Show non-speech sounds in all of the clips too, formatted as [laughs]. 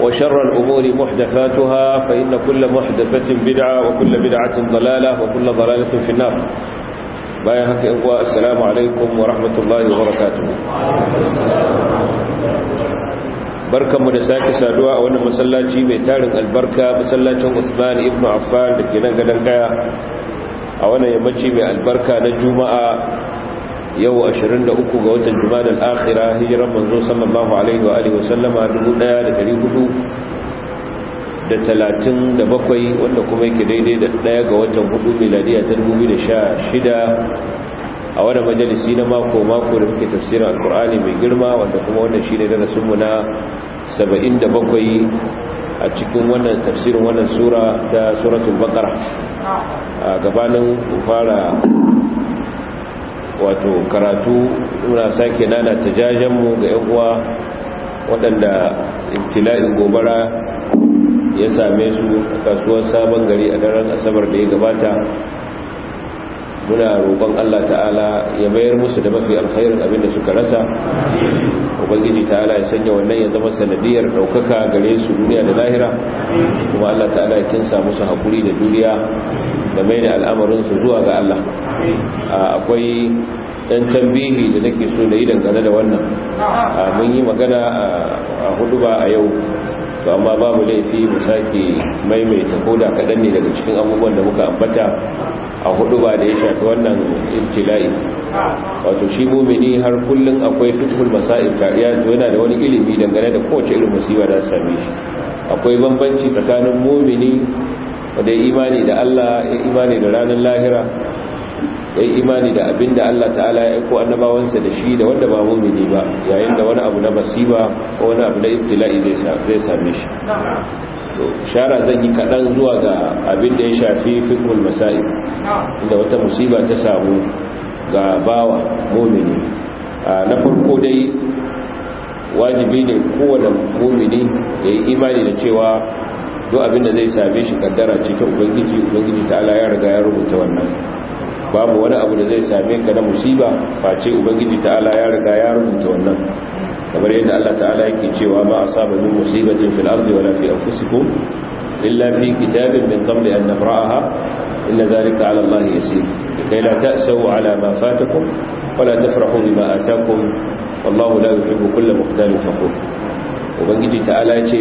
وشر الأمور محدثاتها فإن كل محدثة بدعة وكل بدعة ضلالة وكل ضلالة في النار بايا هكا إخوة السلام عليكم ورحمة الله وبركاته barkan mu da sake saduwa a wannan masallaci mai tarin albarka masallacin Usman ibnu Affan da ke nan gadan kaya a wannan yammaci mai albarka na Juma'a yau 23 ga watan jumada al'akira hijiran manzo sallallahu alaihi wa alihi wasallama 1437 wanda kuma yake daidai da daya ga watan hudu miladiya ta 2016 a wani majalisi na mako-mako da muke tafsirin alkur'ani mai girma wanda kuma wannan shi ne darasinmu na 77 a cikin wannan tafsirin wannan sura ta suratul baqara gabanin fara wato karatu muna sake nana tajajenmu ga 'yan uwa waɗanda intila'in gobara ya same su a kasuwar sabon gari a daren asabar da ya gabata muna roƙon Allah ta'ala ya bayar musu da mafi alkhairin abin da suka rasa ubangiji ta'ala ya sanya wannan ya zama sanadiyar ɗaukaka gare su duniya da lahira kuma Allah ta'ala ya kinsa musu haƙuri da duniya da mai da al'amarinsu zuwa ga Allah akwai ɗan tambihi da nake so da yi dangane da wannan mun yi magana a hudu ba a yau to amma babu laifi mu sake maimaita koda kaɗan ne daga cikin abubuwan da muka ambata a hudu ba da ya shafi wannan ibtila'i wato shi mumini har kullum akwai fitul masa'ib to yana da wani ilimi dangane da kowace irin musiba da same shi akwai bambanci tsakanin mumini wanda ya imani da Allah ya imani da ranar lahira ya imani da abin da Allah ta'ala ya aiko annabawansa da shi da wanda ba mumini ba yayin da wani abu na basiba ko wani abu na ibtila'i zai same shi shara zan yi kaɗan zuwa ga abin da ya shafi fikul masa'i inda wata musiba ta samu ga bawa mumini na farko dai wajibi ne kowane mumini ya yi imani da cewa duk abinda zai same shi kaddara ce ta ubangiji ubangiji ta ala ya riga ya rubuta wannan babu wani abu da zai same ka na musiba face ubangiji ta ala ya riga ya rubuta wannan kamar yadda Allah ta'ala yake cewa ma saba min musibatin fil ardi wala fi anfusikum illa fi kitabin min qabli an nabra'aha inna dhalika 'ala Allah yasir kay la ta'sau 'ala ma fatakum wala tafrahu bima atakum wallahu la yuhibbu kulla muhtalin fakhur ubangiji ta'ala ya ce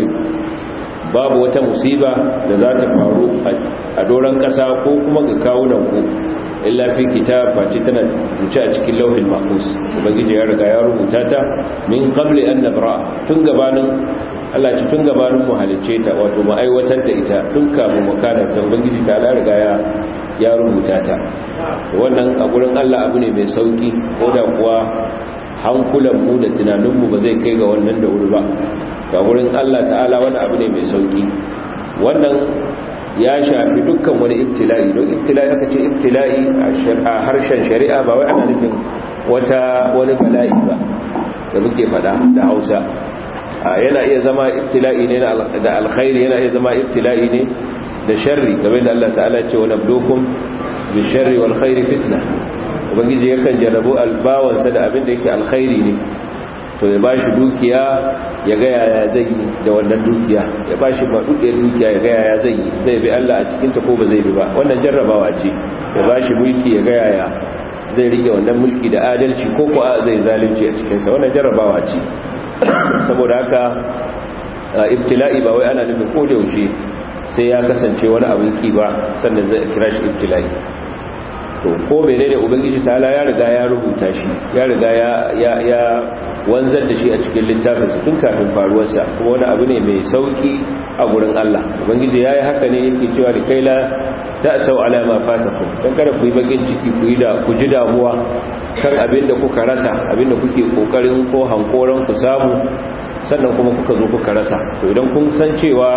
babu wata musiba da za ta faru a doron ƙasa ko kuma ga kawunan ku illa fi kitab face tana wuce a cikin lauhin mahfuz ubangiji ya riga ya rubuta ta min qabli an nabra tun gabanin Allah ci tun gabanin mu halicce ta wato mu aiwatar da ita tun kafin mu kana ta ubangiji ta la riga ya ya rubuta ta wannan a gurin Allah abu ne mai sauki ko da kuwa hankulan mu da tunanin mu ba zai kai ga wannan da wuri ba ga wurin Allah ta'ala wani abu ne mai sauki wannan ya shafi dukkan wani ibtila'i don ibtila'i aka ce ibtila'i a harshen shari'a ba wai ana nufin wata wani bala'i ba da muke fada da hausa yana iya zama ibtila'i ne da alkhairi yana iya zama ibtila'i ne da sharri game da Allah ta'ala ce wani abdokun bi sharri wal khairi fitna ubangiji yakan jarabu albawansa da abin da yake alkhairi ne to ya bashi dukiya ya ga yaya zai yi da wannan dukiya ya bashi maɗuɗiyar dukiya ya ga yaya zai yi zai bi Allah a cikinta ko ba zai bi ba wannan jarrabawa ce ya bashi mulki ya ga yaya zai rike wannan mulki da adalci ko ko zai zalunci a cikinsa wannan jarrabawa ce saboda haka ibtila'i ba wai ana nufin ko da yaushe sai ya kasance wani abin ki ba sannan zai kira shi ibtila'i to ko menene ubangiji ta'ala ya riga ya rubuta shi ya riga ya wanzar da shi a cikin littafin su tun kafin faruwarsa kuma wani abu ne mai sauki a gurin Allah ubangiji yayi haka ne yake cewa da kaila sau ala ma fatakum dan kada ku yi bakin ciki ku yi da ku ji damuwa kan abinda kuka rasa abin kuke kokarin ko hankoran ku samu sannan kuma kuka zo kuka rasa to idan kun san cewa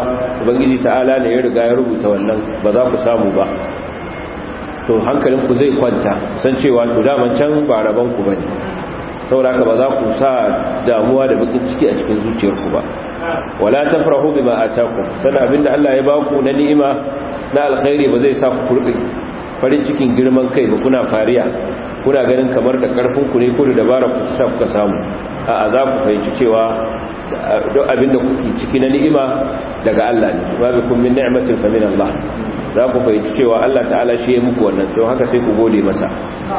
ubangiji ta'ala ne ya riga ya rubuta wannan ba za ku samu ba to hankalinku zai kwanta san cewa to daman can ba rabanku ba ne sauraka ba za ku sa damuwa da bakin ciki a cikin zuciyarku ba wala tafrahu bima ataku sana abinda Allah ya baku na ni'ima na alkhairi ba zai sa ku kurbi farin cikin girman kai ba kuna fariya kuna ganin kamar da karfin ku ne ko da dabara ku sa kuka samu a za ku fahimci cewa duk abinda kuke ciki na ni'ima daga Allah ne babu kun min ni'matin fa min Allah za ku fahimci cewa Allah ta'ala shi ya muku wannan sai haka sai ku gode masa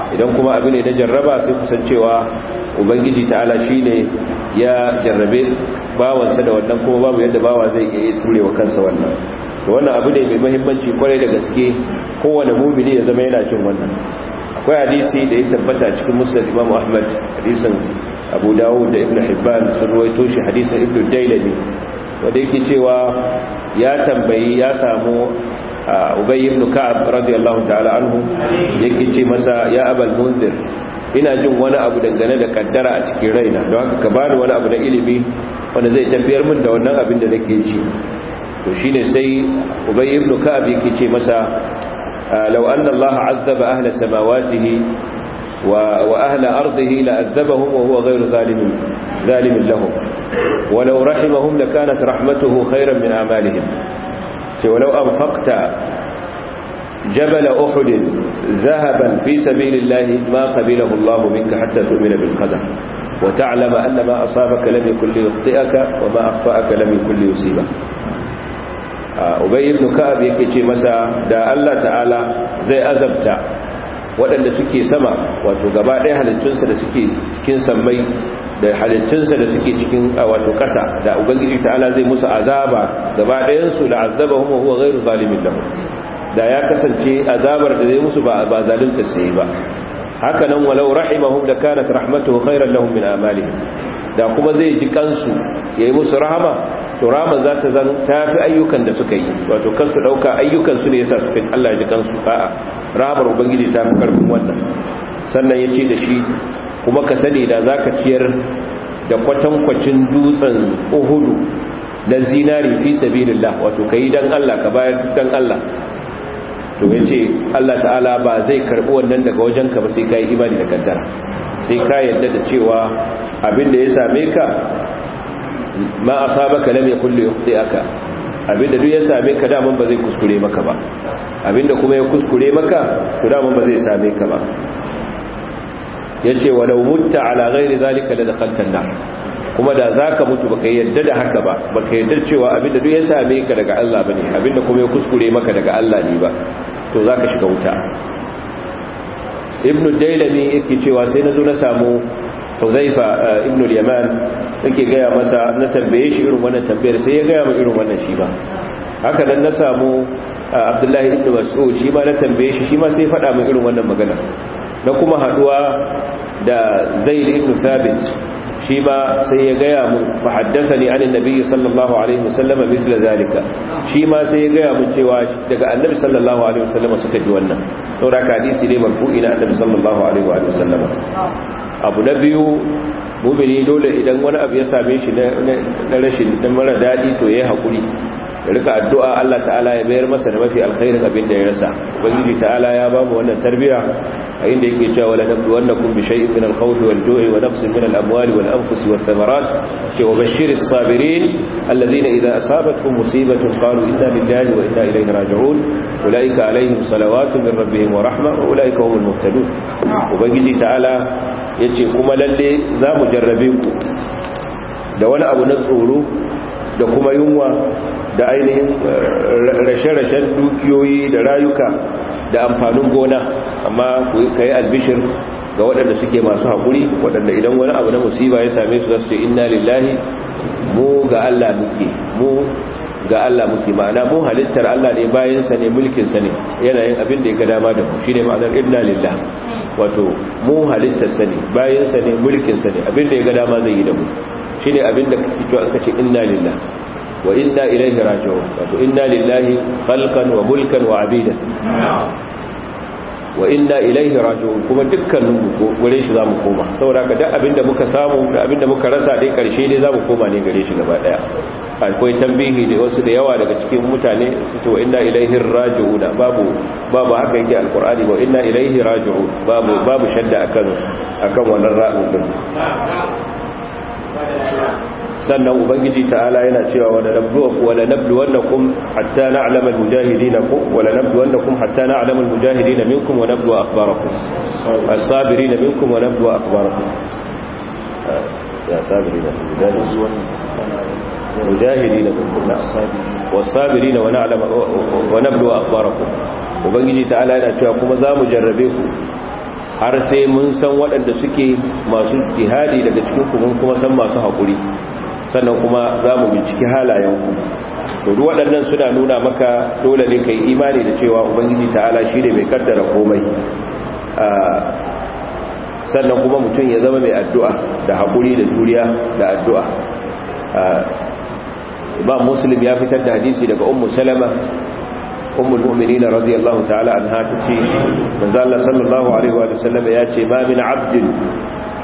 idan kuma abin ne na jarraba sai ku san cewa ubangiji ta'ala shi ne ya jarrabe bawansa da wannan kuma babu yadda bawa zai iya turewa kansa wannan to wannan abu ne mai muhimmanci kwarai da gaske kowane mumini ya zama yana cin wannan akwai hadisi da ya tabbata cikin musnad Imam Ahmad hadisin Abu Dawud da Ibn Hibban sun ruwaito shi hadisin Ibn Dailami wanda yake cewa ya tambayi ya samu ubay ibn ka'ab radiyallahu ta'ala anhu yake ce masa ya abal munzir ina jin wani abu dangane da kaddara a cikin raina don haka ka bani wani abu na ilimi wanda zai tafiyar min da wannan abin da nake ji to shine sai ubay ibn ka'ab yake ce masa law anna allaha azzaba ahla samawatihi wa wa ahla ardihi la azzabahum wa huwa ghayru zalimin zalimin lahum wa law rahimahum lakanat rahmatuhu khayran min a'malihim ce walau an fakta jabala uhudin zahaban fi sabilillahi ma qabilahu Allah minka hatta tu'mina bil qadar wa ta'lama anna ma asabaka lam yakun li wa ma akhfa'aka lam yakun yusiba Ubay ibn Ka'ab yake ce masa da Allah ta'ala zai azabta waɗanda suke sama wato gaba ɗaya halittunsa da suke cikin sammai da halittunsa da suke cikin a wato ƙasa da ubangiji ta'ala zai musu azaba gaba ɗayansu da azaba kuma huwa ghairu zalimin lahu da ya kasance azabar da zai musu ba ba zalunta sai ba haka nan walau rahimahum da kanat rahmatuhu khairan lahum min amalihim da kuma zai ji kansu yayi musu rahama to rahama za ta zan tafi ayyukan da suka yi wato kansu dauka ayyukan su ne yasa suka Allah ya ji kansu a'a rahamar ubangiji ta fi karfin wannan sannan yace da shi kuma ka sani da za ka ciyar da kwatankwacin dutsen uhudu na zinari fi sabilillah wato ka yi don Allah ka bayar don Allah to ya ce Allah ta'ala ba zai karɓi wannan daga wajenka ba sai ka yi imani da kaddara sai ka yadda da cewa abin da ya same ka ma a saba ka lamai ya aka abin da duk ya same ka daman ba zai kuskure maka ba abin da kuma ya kuskure maka to daman ba zai same ka ba yace wa mutta ala ghairi zalika la dakhaltan nar kuma da zaka mutu baka yadda da haka ba baka yadda cewa abinda duk ya same ka daga Allah bane abinda kuma ya kuskure maka daga Allah ne ba to zaka shiga wuta ibnu dailami yake cewa sai na zo na samu huzaifa eh, ibnu yaman yake gaya masa na tambaye shi irin wannan tambayar sai ya gaya mai irin wannan shi ba haka nan na samu eh, abdullahi ibnu mas'ud shi ma na tambaye shi shi ma sai faɗa mai irin wannan magana Na kuma haduwa da zaid ibn sabit shi ma sai ya gaya mu fa haddathani an nabiyyi sallallahu alaihi wasallam misla zalika shi ma sai ya gaya mu cewa daga annabi sallallahu alaihi wasallam suka ji wannan saboda hadisi ne marfu'i na annabi sallallahu alaihi wasallam abu na biyu mumini dole idan wani abu ya same shi na rashin da mara dadi to yayi hakuri ya rika addu'a Allah ta'ala ya mayar masa da mafi alkhairin abin da ya rasa ubangiji ta'ala ya ba mu wannan tarbiyya a inda yake cewa wala nabdu wannakum bi shay'in min al wal wa nafsin min al-amwali wal-anfusi wath-thamarat wa bashshiris sabirin alladhina idha asabatkum musibatun qalu inna lillahi wa inna ilayhi raji'un ulaika alaihim salawatu min rabbihim wa rahma wa ulaika humul muhtadun ubangiji ta'ala yace kuma lalle za mu jarrabe ku da wani abu na tsoro da kuma yunwa da ainihin eh, rashe-rashen dukiyoyi da rayuka da amfanin gona amma ka yi albishir ga waɗanda suke masu haƙuri waɗanda idan wani abu na musiba ya same su zasu ce inna lillahi mu ga Allah muke mu ga Allah muke ma'ana mu halittar Allah ne bayansa ne mulkinsa ne yanayin abin da ya ga dama da shi ne ma'anar inna lillah wato mu halittarsa ne bayansa ne mulkinsa ne abin da ya ga dama zai yi da mu shi ne abin da kake cewa an kace inna lillah wa inna ilaihi raji'un wato inna lillahi khalqan wa mulkan wa abida wa inna ilaihi raji'un kuma dukkanin gure shi zamu koma saboda ka duk abinda muka samu da abinda muka rasa dai karshe dai zamu koma ne gare shi gaba daya akwai tambihi da wasu da yawa daga cikin mutane to inna ilaihi raji'un babu babu haka yake alqur'ani wa inna ilaihi raji'un babu babu shadda akan akan wannan ra'ayin sannan ubangiji ta'ala yana cewa wala nabluwakum wala nabluwannakum hatta na'lama almujahidina wala nabluwannakum hatta na'lama almujahidina minkum wa nabluwa akhbarakum as-sabirina minkum wa nabluwa akhbarakum ah, ya sabirina mujahidina minkum was-sabirina wa na'lama wa nabluwa akhbarakum ubangiji ta'ala yana cewa kuma za mu jarrabe ku har sai mun san waɗanda suke masu jihadi daga cikin kuma kuma san masu haƙuri sannan kuma za mu binciki halayenku to duk waɗannan suna nuna maka dole ne kai imani da cewa ubangiji ta'ala shi ne mai kaddara komai ah, sannan kuma mutum ya zama mai addu'a da haƙuri da juriya da addu'a ba ah, muslim ya fitar da hadisi daga ummu salama ummul mu'minin anha tace manzo Allah sallallahu alaihi wa sallam ya ce ma min abdin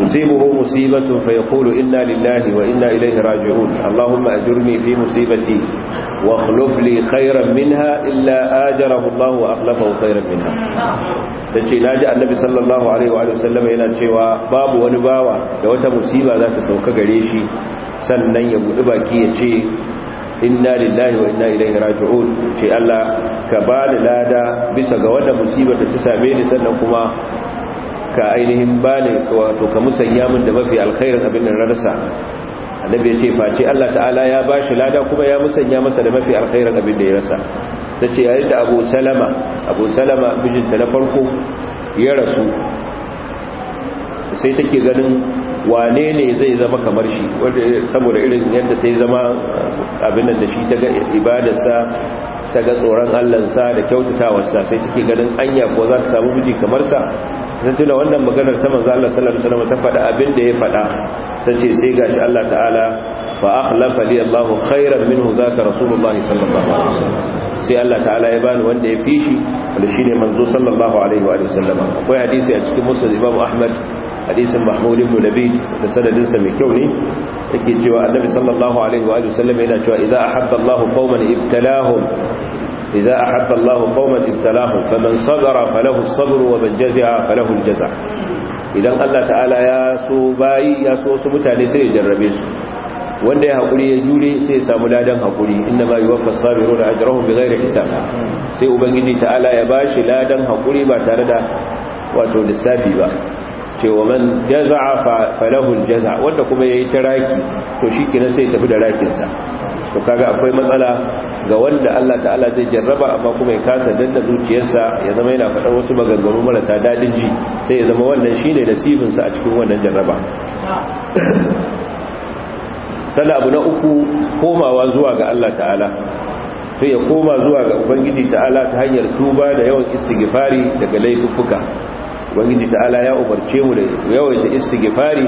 tusibuhu musibatun fa yaqulu inna lillahi wa inna ilayhi raji'un allahumma ajurni fi musibati wa akhlif li khayran minha illa ajarahu Allah wa akhlafahu khayran minha tace naji annabi sallallahu alaihi wa sallam yana cewa babu wani bawa da wata musiba za ta sauka gare shi sannan ya buɗe baki ya ce inna lillahi wa inna ilaihi raji'un ce Allah ka bani lada bisa ga wanda musibar da ta same ni sannan kuma ka ainihin bani wato ka musanya min da mafi alkhairin abin da rarsa annabi ya ce face Allah ta'ala ya ba shi lada kuma ya musanya masa da mafi alkhairin abin da ya rasa tace yayin da Abu Salama Abu Salama mijinta na farko ya rasu sai take ganin wane ne zai zama kamar shi saboda irin yadda ta yi zama eh, abin da shi ta ga ibadarsa ta ga tsoron allansa da kyautatawarsa sai take ganin anya ko za ta samu miji kamar sa sai tuna wannan maganar ta manzo Allah sallallahu alaihi wasallam ta faɗa abin da ya faɗa tace sai gashi Allah ta'ala fa akhlafa li Allah khairan minhu zaka rasulullahi sallallahu alaihi wasallam sai Allah ta'ala ya bani wanda ya fi shi wanda shine manzo sallallahu alaihi wa akwai hadisi a cikin musnad Imam Ahmad hadisin mahmud ibn labid da sanadinsa mai kyau ne yake cewa annabi sallallahu alaihi wa sallam yana cewa idza ahabba allah qauman ibtalahum idza ahabba qauman ibtalahum faman sabara falahu as-sabr wa man jazaa falahu al-jazaa idan allah ta'ala ya so bayi ya so su mutane sai ya jarrabe su wanda ya haƙuri ya jure sai ya samu ladan haƙuri inda ma yi wa hisab sai ubangiji ta'ala ya bashi ladan hakuri ba tare da wato lissafi ba ce wa man jaza'a falahul jaza wanda kuma yayi taraki to shikenan sai tafi da rakin sa to kaga akwai matsala ga wanda Allah ta'ala zai jarraba amma kuma ya kasa danna zuciyarsa ya zama yana faɗa wasu maganganu marasa daɗin ji sai ya zama wannan shine nasibin sa a cikin wannan jarraba sannan abu na uku komawa zuwa ga Allah ta'ala sai ya koma zuwa ga ubangiji ta'ala ta hanyar tuba da yawan istighfari daga laifuffuka ubangiji ta'ala ya umarce mu da yawaita istighfari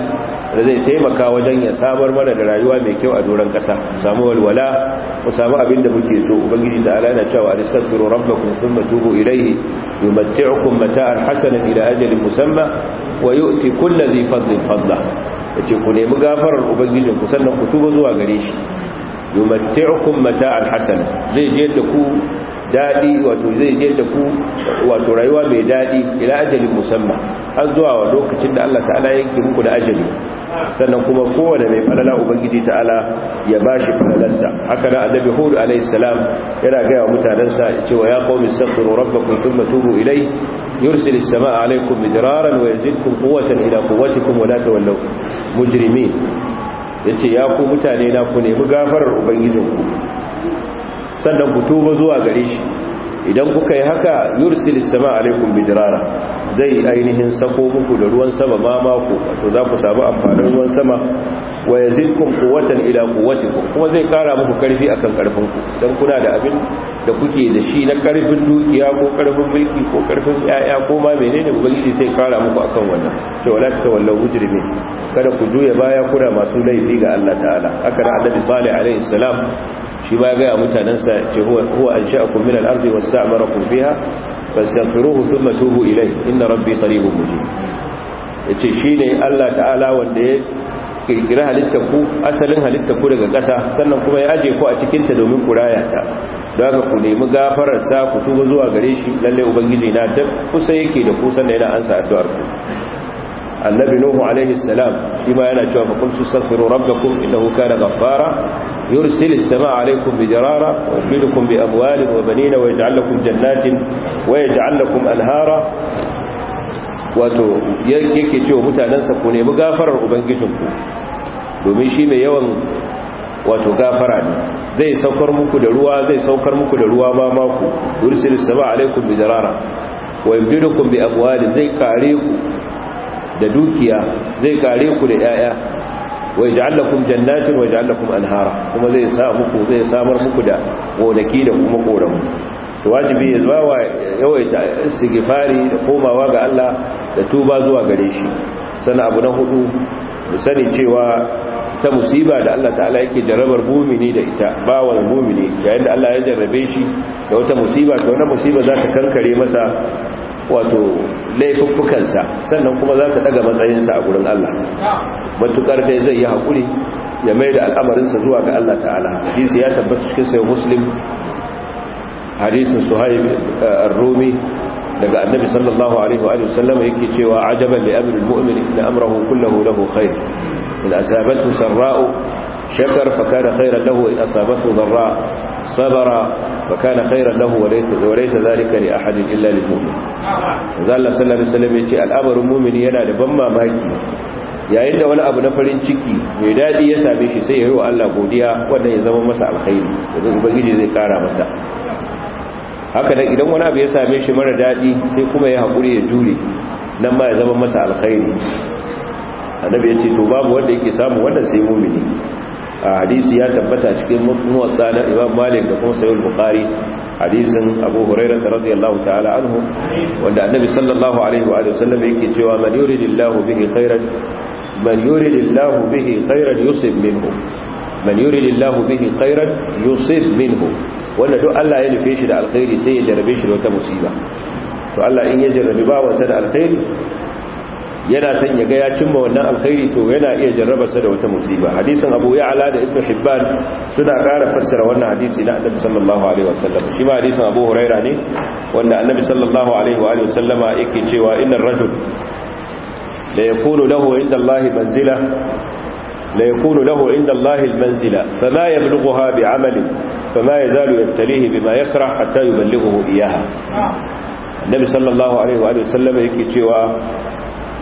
da zai taimaka wajen ya sabar mana da rayuwa mai kyau a doran kasa samu walwala mu samu abin da muke so ubangiji ta'ala yana cewa astaghfiru rabbakum thumma tubu ilayhi yumatti'ukum mata'an hasanan ila ajalin musamma wa yu'ti kulli dhi fadlin fadlah yace ku nemi gafarar ubangijin ku sannan ku tuba zuwa gare shi yumatti'ukum mata'an hasanan zai je da ku daɗi wato zai je da ku wato rayuwa mai daɗi ila ajali musamman har zuwa wa lokacin da Allah ta'ala yanke muku da ajali sannan kuma kowane mai falala ubangiji ta'ala ya bashi falalarsa haka na annabi hud alayhi salam yana gaya wa mutanensa cewa ya qawmi astaghfiru rabbakum thumma tubu ilayhi yursil as-samaa'a alaykum midraran wa yazidkum quwwatan ila quwwatikum wa la tawallaw mujrimin yace ya ku mutane na ku nemi gafarar ubangijinku sannan ku tuba zuwa gare shi idan kuka yi haka yursil sama alaikum bijrara zai ainihin sako muku da ruwan sama ma mako to za ku samu amfanin ruwan sama wa yazidkum quwwatan ila quwwatikum kuma zai kara muku karfi akan karfin ku dan kuna da abin da kuke da shi na karfin dukiya ko karfin mulki ko karfin yaya ko ma menene ubangiji zai kara muku akan wannan to wala ta wallahu mujrimin kada ku juya baya kuna masu laifi ga Allah ta'ala haka da Annabi Salih alaihi salam shi ba ga mutanansa ce huwa huwa ansha'akum min al-ardi wasta'marakum fiha fastaghfiruhu thumma tubu ilayhi inna rabbi qaribun mujib yace shine Allah ta'ala wanda ya kirkira halitta ku asalin halitta ku daga ƙasa sannan kuma ya aje ku a cikin ta domin ku raya ta don haka ku nemi gafarar sa ku tuba zuwa gare shi lalle ubangiji na duk kusa yake da ku sannan yana ansa addu'ar ku annabi nuhu alaihi salam shi yana cewa fa kuntu astaghfiru rabbakum innahu kana ghaffara yursilis samaa alaikum bijarara wa yumdidukum bi amwalin wa banina wa yaj'al lakum jannatin wa yaj'al lakum anhara wato yake cewa sa ku nemi gafarar ubangijinku domin shi mai yawan wato gafara ne zai saukar muku da ruwa zai saukar muku da ruwa ma maku yursilis samaa alaikum bijarara wa yumdidukum bi amwalin zai kare ku da dukiya zai kare ku da 'ya'ya wai ja'allakum jannatin wai ja'allakum anhara kuma zai sa muku zai samar muku da gonaki da kuma koramu to wajibi ya zuwa wa yawaita istighfari da komawa ga Allah da tuba zuwa gare shi sana abu na hudu mu sani cewa ta musiba da Allah ta'ala yake jarabar mumini da ita bawan mumini yayin da Allah ya jarrabe shi da wata musiba to wannan musiba za ta kankare masa wato laifuffukansa sannan kuma za ta daga matsayinsa a gurin Allah matukar dai zai yi haƙuri ya mai da al'amarinsa zuwa ga Allah ta'ala hadisi ya tabbata cikin sai muslim hadisin suhaib eh, rumi daga annabi sallallahu alaihi wa sallam yake cewa ajaban li amri al-mu'min inna amrahu kulluhu lahu khair in asabathu sarra'u شكر فكان خيرا له وإن أصابته ضراء صبر فكان خيرا له وليس ذلك لأحد إلا للمؤمن وذا الله صلى الله عليه وسلم يتي الأمر المؤمن ينا لبما ماكي yayin da wani abu na farin ciki mai daɗi ya same shi sai ya yi wa Allah godiya wanda ya zama masa alkhairi da zai ubangiji zai kara masa haka nan idan wani abu ya same shi mara daɗi sai kuma ya haƙuri ya jure nan ma ya zama masa alkhairi annabi ya ce to babu wanda yake samu wannan sai mumini A hadisi ya tabbata cikin muwatta na Imam Malik da kuma Sahih Bukhari hadisin Abu Hurairah radiyallahu ta'ala anhu wanda Annabi sallallahu alaihi wa sallam yake cewa man yuridillahu bihi khairan man yuridillahu bihi khairan yusib minhu man yuridillahu bihi khairan yusib minhu wanda duk Allah ya nufe shi da alkhairi sai ya jarabe shi da wata musiba to Allah in ya ba bawansa da alkhairi yana son ya ga ya cimma wannan alkhairi to yana iya jarrabarsa da wata musiba hadisin abu ya'la da ibnu hibban suna ƙara fassara wannan hadisi na annabi sallallahu alaihi wasallam shi ma hadisin abu huraira ne wanda annabi sallallahu alaihi wa alihi wasallama yake cewa innar rajul la yakunu lahu inda allahi manzila لا يكون له عند الله المنزلة فما يبلغها بعمل فما يزال يبتليه بما يكره حتى يبلغه إياها النبي صلى alaihi wa وآله وسلم يكي cewa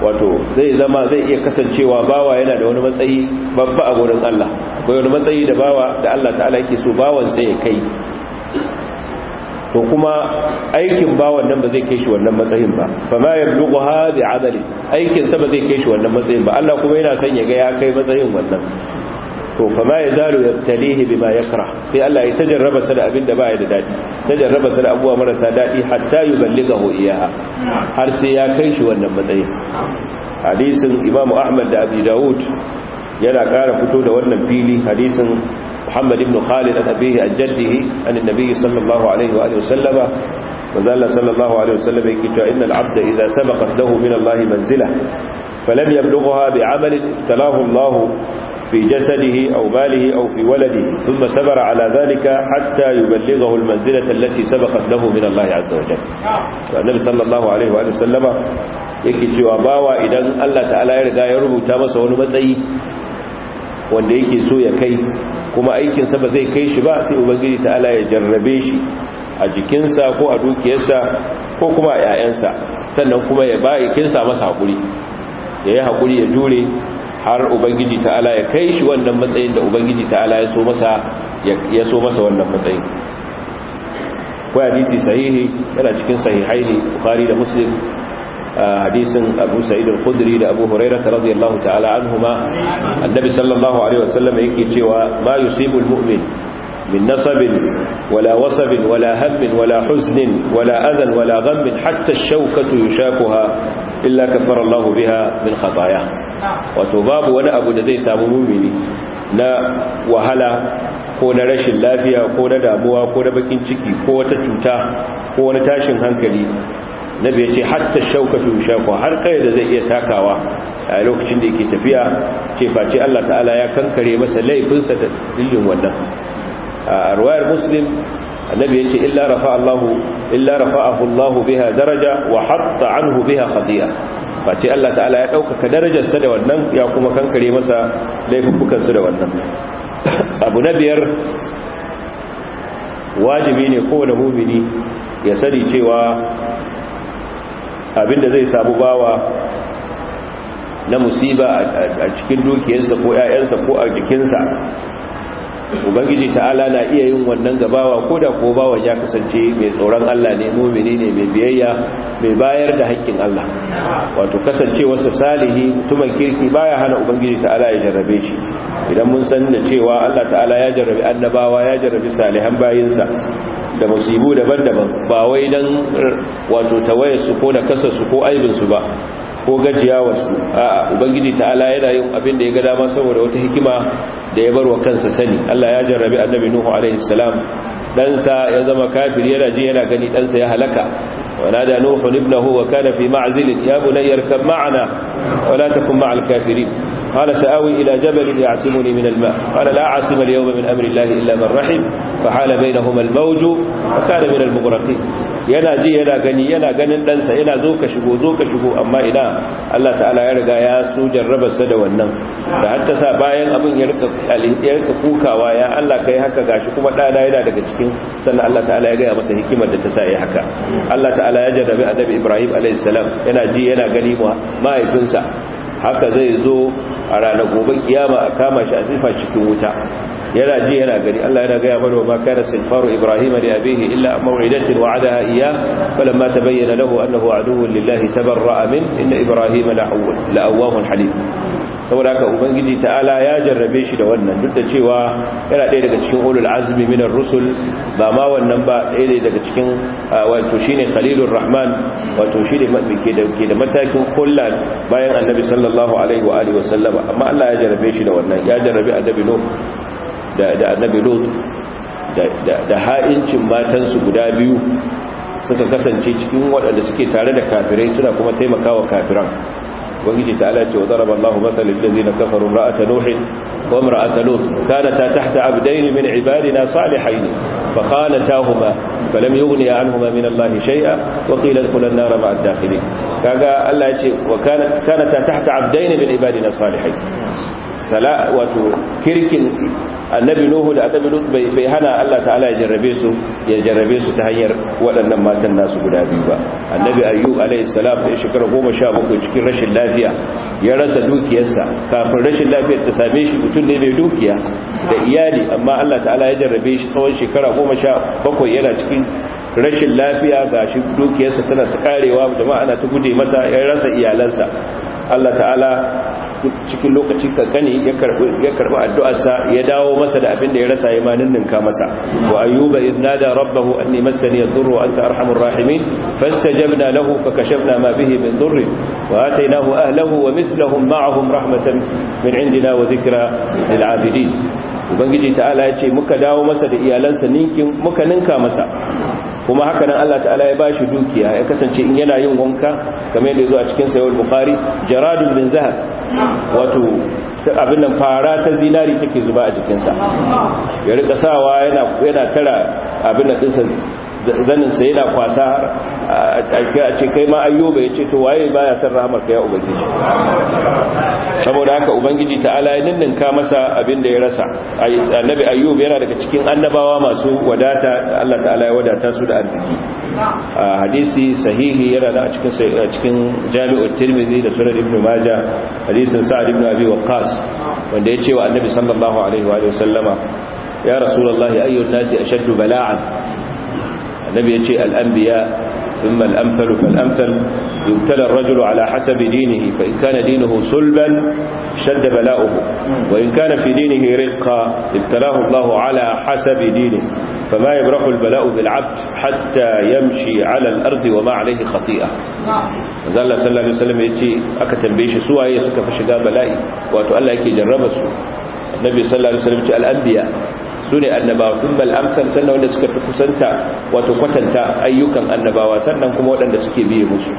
wato zai zama zai iya kasancewa bawa yana da wani matsayi babba a gurin Allah akwai wani matsayi da bawa da Allah ta'ala yake so bawan sai ya kai to kuma aikin bawan nan ba zai kai shi wannan matsayin ba fa ma yablughu hadi adali aikin sa ba zai kai shi wannan matsayin ba Allah kuma yana son ya ga ya kai matsayin wannan to fa ma yazalu yabtalihi bima yakrah sai Allah ya tajarraba sa da abin da ya da dadi tajarraba sa da abuwa marasa dadi hatta yuballighahu iyaha har sai ya kai shi wannan matsayin hadisin Imam Ahmad da Abi Dawud yana ƙara fito da wannan fili hadisin Muhammad ibn Khalid an abihi an jaddihi an annabi sallallahu alaihi wa sallama وزال صلى الله عليه وسلم يكتوى إن العبد إذا سبقت له من الله منزلة فلم يبلغها بعمل ابتلاه الله في جسده أو باله أو في ولده ثم سبر على ذلك حتى يبلغه المنزلة التي سبقت له من الله عز وجل النبي صلى الله yake cewa bawa idan Allah ta'ala ya riga ya rubuta masa wani matsayi wanda yake so ya kai kuma aikinsa ba zai kai shi ba sai ubangiji ta'ala ya jarrabe shi a jikinsa ko a dukiyarsa ko kuma a 'ya'yansa sannan kuma ya ba ikinsa masa haƙuri ya yi haƙuri ya jure har ubangiji ta'ala ya kai shi wannan matsayin da ubangiji ta'ala ya so masa ya so masa wannan matsayin ko hadisi sahihi yana cikin sahihaini bukhari da muslim hadisin abu sa'id al-khudri da abu hurairah radiyallahu ta'ala anhuma annabi sallallahu alaihi wasallam yake cewa ma yusibu al-mu'min من wala ولا wala ولا wala ولا wala ولا أذى ولا غم حتى الشوكة يشاكها إلا كفر الله biha min خطاياه wato babu wani abu da zai samu mumini na wahala ko na rashin lafiya ko na damuwa ko na bakin ciki ko wata cuta ko wani tashin hankali nabi ya ce hatta shaukatu shakwa har kai da zai iya takawa a lokacin da yake tafiya ce face Allah ta'ala ya kankare masa laifinsa da dillin wannan a ruwayar muslim annabi ya ce illa rafa'ahu Allah biha daraja wa hatta anhu biha khadi'a face Allah ta'ala ya ɗaukaka darajarsa da wannan ya kuma kankare masa laifukansu da wannan [coughs] abu na biyar wajibi ne kowane mumini ya sani cewa abinda zai samu bawa na musiba a cikin dukiyarsa ko 'ya'yansa ko a jikinsa ubangiji ta'ala na iya yin wannan gabawa ko da ko bawa ya kasance mai tsoron Allah ne mumini ne mai biyayya mai bayar da haƙƙin Allah wato wasu salihi mutumin kirki baya hana ubangiji ta'ala ya jarrabe shi idan mun san da cewa Allah ta'ala ya jarrabe annabawa ya jarrabe salihan bayinsa da musibu daban-daban ba wai dan wato tawayesu ko da kasa ko aibin su ba ko gajiya wasu a ubangiji ta'ala yana yin abin da ya ga dama saboda wata hikima da ya bar wa kansa sani Allah ya jarrabi annabi nuhu alaihi salam dansa ya zama kafir yana ji yana gani dansa ya halaka ونادى نوح ابنه وكان في معزل يا بني اركب معنا ولا تكن مع kafirin. قال سآوي إلى جبل يعصمني من الماء قال لا عاصم اليوم من أمر الله إلا من رحم فحال بينهما الموج فكان من المغرقين yana ji yana gani yana ganin ɗansa yana zo ka shigo zo ka shigo amma ina Allah ta'ala ya riga ya su jarrabarsa da wannan da hatta sa bayan abin ya rika kukawa ya Allah kai haka gashi kuma ɗana yana daga cikin sannan Allah ta'ala ya gaya masa hikimar da ta sa ya haka Allah ta'ala ya jarrabi annabi Ibrahim a.s. yana ji yana gani mahaifinsa haka zai zo a ranar gobe kiyama a kama shi a sifa cikin wuta yana ji yana gani Allah yana gaya mana ma kana sinfaru ibrahima li abihi illa maw'idatin wa'adaha iya falamma tabayyana lahu annahu aduwwun lillahi tabarra'a min inna ibrahima la'awwal la'awwahun halim saboda haka ubangiji ta'ala ya jarrabe shi da wannan duk da cewa yana ɗaya daga cikin ulul azmi minar rusul ba ma wannan ba ɗaya daga cikin wato shine khalilur rahman wato shine ke da ke da matakin kullan bayan annabi sallallahu alaihi wa alihi amma Allah ya jarrabe shi da wannan ya jarrabe annabi nuh da annabi lot da ha'incin matansu guda biyu suka kasance cikin waɗanda suke tare da kafirai suna kuma taimakawa kafiran ubangiji ta alace wa zaraba Allahu masalin lazina kafaru ra'ata nuhin wa imra'ata lut kanata tahta abdayn min na ibadina salihayn fa khanatahuma falam an huma min Allahi shay'a wa qila idkhula na nar ma'a ad kaga Allah ya ce wa kanata tahta abdayn min na salihayn sala wato kirkin annabi nuhu da annabi lut bai hana Allah ta'ala ya jarrabe su ya jarrabe su ta hanyar waɗannan matan nasu guda biyu ba annabi ayyub alayhi salam da shekara 17 cikin rashin lafiya ya rasa dukiyarsa kafin rashin lafiyar ta same shi mutum ne mai dukiya da iyali amma Allah ta'ala ya jarrabe shi tsawon shekara 17 yana cikin rashin lafiya gashi dukiyarsa tana ta karewa da ana ta guje masa ya rasa iyalansa Allah ta'ala cikin lokaci kankani ya karbi addu'arsa ya dawo masa da abin da ya rasa imanin ninka masa wa ayyuba idnada rabbahu anni massani yadurru anta arhamur rahimin fastajabna lahu fa kashafna ma bihi min dhurri wa atainahu ahlahu wa mithluhum ma'ahum rahmatan min indina wa dhikra lil 'abidin ubangiji ta'ala ya ce muka dawo masa da iyalansa ninkin muka ninka masa kuma haka nan Allah ta'ala ya bashi dukiya ya kasance in yana yin wanka kamar yadda zo a cikin sahih al-bukhari jaradun bin zahab wato abin nan fara ta zinari take zuba a jikinsa ya rika sawa yana yana tara abin nan dinsa Zanin sa yana kwasa a ce kai ma ayyuba ya ce to waye baya san rahamar ka ya ubangiji saboda haka ubangiji ta'ala ya ninninka masa abin da ya rasa annabi ayyub yana daga cikin annabawa masu wadata Allah ta'ala ya wadata su da arziki hadisi sahihi yana da cikin cikin jami'u tirmidhi da sunan ibnu majah hadisin sa'ad ibn abi waqqas wanda ya ce wa annabi sallallahu alaihi wa sallama ya rasulullahi ayyun nasi ashaddu bala'an النبي يجي الأنبياء ثم الأمثل فالأمثل يبتلى الرجل على حسب دينه فإن كان دينه سلبا شد بلاؤه وإن كان في دينه رقا ابتلاه الله على حسب دينه فما يبرح البلاء بالعبد حتى يمشي على الأرض وما عليه خطيئة ذا نعم. الله صلى الله عليه وسلم يأتي أكتن بيش سوى يسك فشقا بلائي وأتؤلى يكي جربسه النبي صلى الله عليه وسلم يأتي الأنبياء su ne annabawa sun bal'amsal sannan wanda suka fi kusanta wato kwatanta ayyukan annabawa sannan kuma waɗanda suke biye musu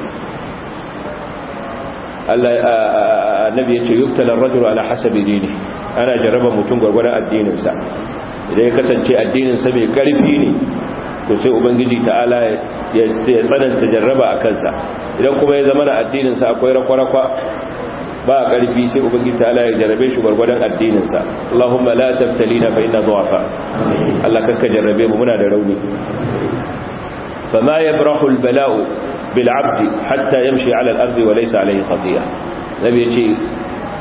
annabi ya ce yubtalar rajulu ala hasabi dini ana jaraba mutum gwargwaron addininsa idan ya kasance addininsa mai karfi ne to sai ubangiji ta'ala ya tsananta jarraba a kansa idan kuma ya zama na addininsa akwai rakwa-rakwa ba ƙarfi sai ubangiji ta Allah ya jarabe shi gurgurdan addinin sa Allahumma la tabtalina fa inna du'afa Allah kanka jarabe mu muna da rauni fama yabrahu albala'u bil 'abd hatta yamshi 'ala al-ardi wa laysa 'alayhi khatiya nabi yace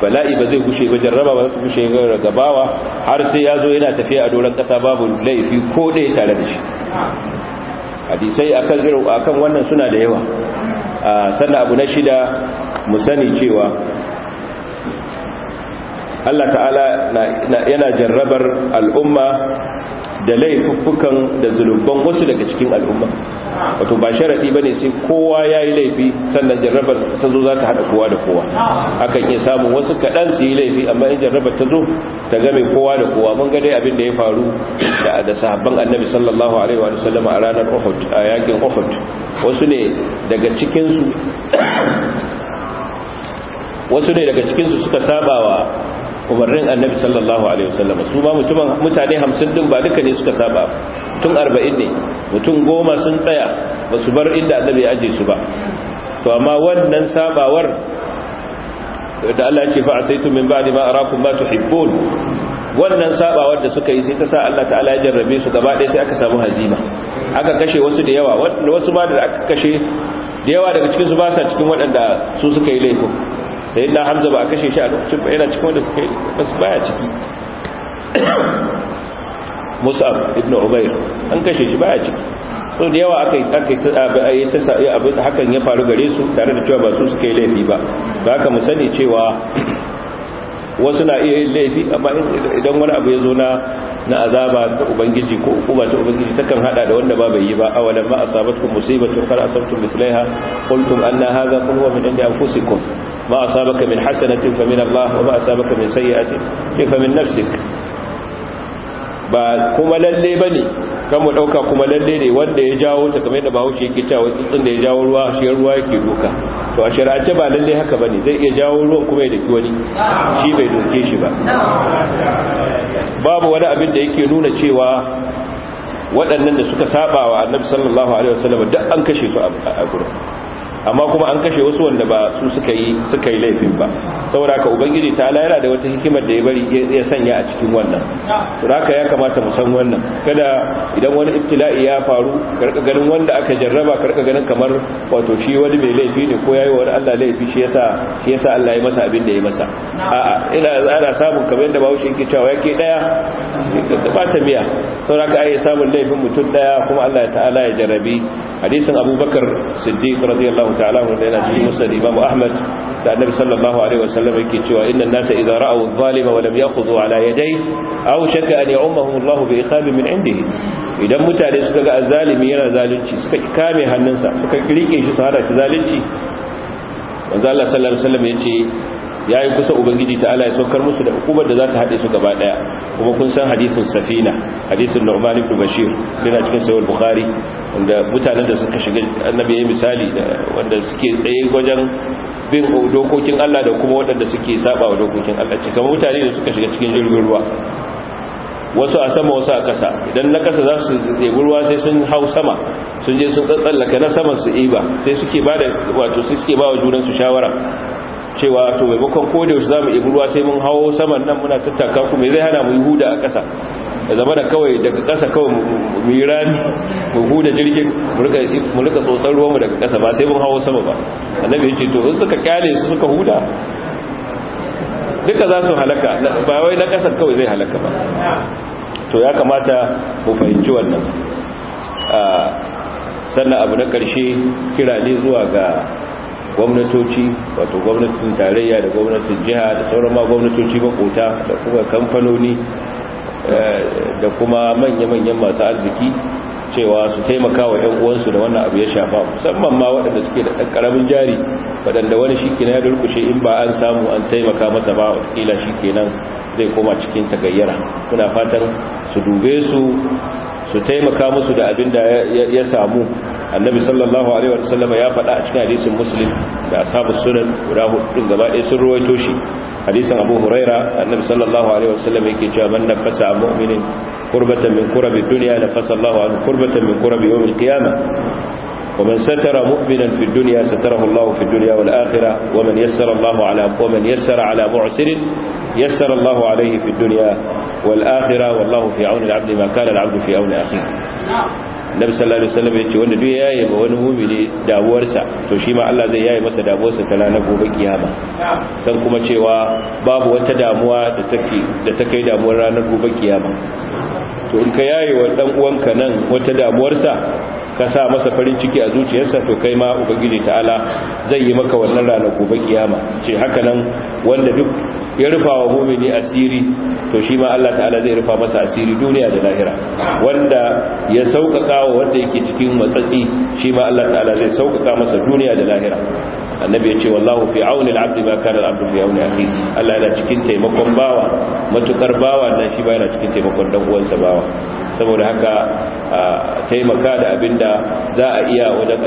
bala'i ba zai gushe ba jarraba ba zai gushe ga gabawa har sai ya zo yana tafiya a doron kasa babu laifi ko ɗaya tare da shi hadisai akan irin akan wannan suna da yawa ah, sannan abu na shida mu sani cewa Allah ta'ala yana jarrabar al'umma da laifukan da zulubban wasu daga cikin al'umma wato ba sharaɗi ba ne sai kowa ya yi laifi sannan jarrabar ta zo za ta haɗa kowa da kowa akan iya samun wasu kaɗan su yi laifi amma in jarrabar ta zo ta game kowa da kowa mun ga dai abin da ya faru da sahabban annabi sallallahu alaihi wa sallam a ranar uhud a yakin uhud wasu ne daga su wasu ne daga cikinsu suka sabawa umarnin annabi sallallahu alaihi wasallam su ba mutumin mutane 50 din ba duka ne suka saba tun 40 ne mutum goma sun tsaya ba su bar inda annabi ya aje su ba to amma wannan sabawar da Allah ya ce fa asaitu min ba'di ma arakum ma tuhibbun wannan sabawar da suka yi sai ta sa Allah ta'ala ya jarrabe su gaba ɗaya sai aka samu hazima aka kashe wasu da yawa wasu ba da aka kashe da yawa daga cikin su ba sa cikin waɗanda su suka yi laifin sai na hamza ba a kashe shi a lokacin ba yana cikin wanda suka yi basu baya ciki musab ibn ubair an kashe shi baya ciki so da yawa aka yi abin hakan ya faru gare su tare da cewa ba su suka yi laifi ba ba haka mu sani cewa wasu na iya yin laifi amma idan wani abu ya zo na na azaba ta ubangiji ko hukuma ta ubangiji ta kan hada da wanda ba bai yi ba a awalan ma sabatun musibatun qad an na haga kuma hadha kullu min indi anfusikum ما أصابك من حسنة فمن الله وما أصابك من سيئة فمن نفسك ba kuma lalle ba ne kan mu ɗauka kuma lalle ne wanda ya jawo ta kamar yadda bahaushe yake cewa tsitsin da ya jawo ruwa shi ruwa yake doka to a shari'ance ba lalle haka ba ne zai iya jawo ruwan kuma ya daki wani shi bai doke shi ba babu wani abin da yake nuna cewa waɗannan da suka saba wa annabi sallallahu alaihi wasallam duk an kashe su a gurin amma kuma an kashe wasu wanda ba su suka yi suka yi laifin ba saboda ka ubangiji ta yana da wata hikimar da ya bari ya sanya a cikin wannan haka ya kamata mu san wannan kada idan wani ibtila'i ya faru karka ganin wanda aka jarraba karka ganin kamar wato shi wani mai laifi ne ko yayi wani Allah laifi shi yasa shi yasa Allah ya masa abin da ya masa a'a ina ana samun kamar yadda bawo shi yake cewa yake daya da bata miya saboda ka ai samun laifin mutum daya kuma Allah ta'ala ya jarrabi hadisin Abubakar Siddiq radiyallahu radiyallahu ta'ala wanda yana cikin musnad Imam Ahmad da Annabi sallallahu alaihi wasallam yake cewa innan nasa idza ra'aw adh-dhalima wa lam ya'khudhu ala yadayhi aw shakka an ya'ummahum Allah bi iqab min indihi idan mutane suka ga azzalimi yana zalunci suka kame hannunsa suka kirike shi su hada shi zalunci manzo Allah sallallahu alaihi wasallam yace Ya yi kusa ubangiji ta ala ya saukar musu da hukumar da za ta haɗe su gaba daya kuma kun san hadisin safina hadisin nu'man ibn bashir yana cikin sahih bukhari wanda mutanen da suka shiga annabi yayi misali wanda suke tsaye wajen bin dokokin Allah da kuma waɗanda suke saba wa dokokin Allah ce mutane da suka shiga cikin jirgin ruwa wasu a sama wasu a kasa idan na kasa za su ɗebi ruwa sai sun hau sama sun je sun tsallaka na saman su iba sai suke ba da wato suke ba wa junan su shawara cewa to maimakon ko da za mu ibi ruwa sai mun hawo saman nan muna tattaka ku me zai hana mu yi huda a ƙasa da zama da kawai daga ƙasa kawai mu yi rami mu huda jirgin mu rika tsotsar ruwanmu daga ƙasa ba sai mun hawo sama ba annabi yace to in suka kyale su suka huda duka za su halaka ba wai na ƙasar kawai zai halaka ba to ya kamata mu fahimci wannan ah, sannan abu na ƙarshe kira ne zuwa ga gwamnatoci wato gwamnatin tarayya da gwamnatin jiha da sauran ma gwamnatoci makota da kuma kamfanoni eh, da kuma manya-manyan masu arziki cewa su taimaka wa 'yan uwansu da wannan abu ya shafa musamman ma waɗanda suke da ɗan ƙaramin jari waɗanda wani shi kenan ya durkushe in ba an samu an taimaka masa ba watakila shi kenan zai koma cikin tagayyara kuna fatan su dube su su taimaka musu da abin da ya samu annabi sallallahu alaihi wa sallam ya faɗa a cikin hadisin muslim da ashabus sunan guda hudun gaba ɗaya sun ruwaito shi hadisin abu huraira annabi sallallahu alaihi wa sallam yake cewa man nafasa mu'minin qurbatan min kurabi dunya nafasa Allahu an qurbatan min kurabi yawmil qiyamah fi dunya مؤمنا في الدنيا ستره الله في الدنيا والآخرة ومن يسر ala على yassara يسر على معسر يسر الله عليه في الدنيا والآخرة والله في عون العبد ما كان العبد في عون أخيه nabi sallallahu alaihi wasallam yace wanda duk yayi ba wani mu'mini damuwarsa to shi ma Allah zai yayi masa damuwarsa ta ranar gobe kiyama san kuma cewa babu wata damuwa da take da take damuwar ranar gobe kiyama to in ka yayi wa dan uwanka nan wata damuwarsa ka sa masa farin ciki a zuciyarsa to kai ma ubangiji ta'ala zai yi maka wannan ranar gobe kiyama ce haka nan wanda duk ya rufa wa mumini asiri to shi ma Allah ta'ala zai rufa masa asiri duniya da lahira wanda ya sauƙaƙa wa wanda yake cikin matsatsi shi ma Allah ta'ala zai sauƙaƙa masa duniya da lahira annabi ya ce wallahu fi auni al abd ma kana al-abdu fi auni akhi Allah yana cikin taimakon bawa matukar bawa dan shi ba yana cikin taimakon dan sa bawa saboda haka taimaka da abinda za a iya wajen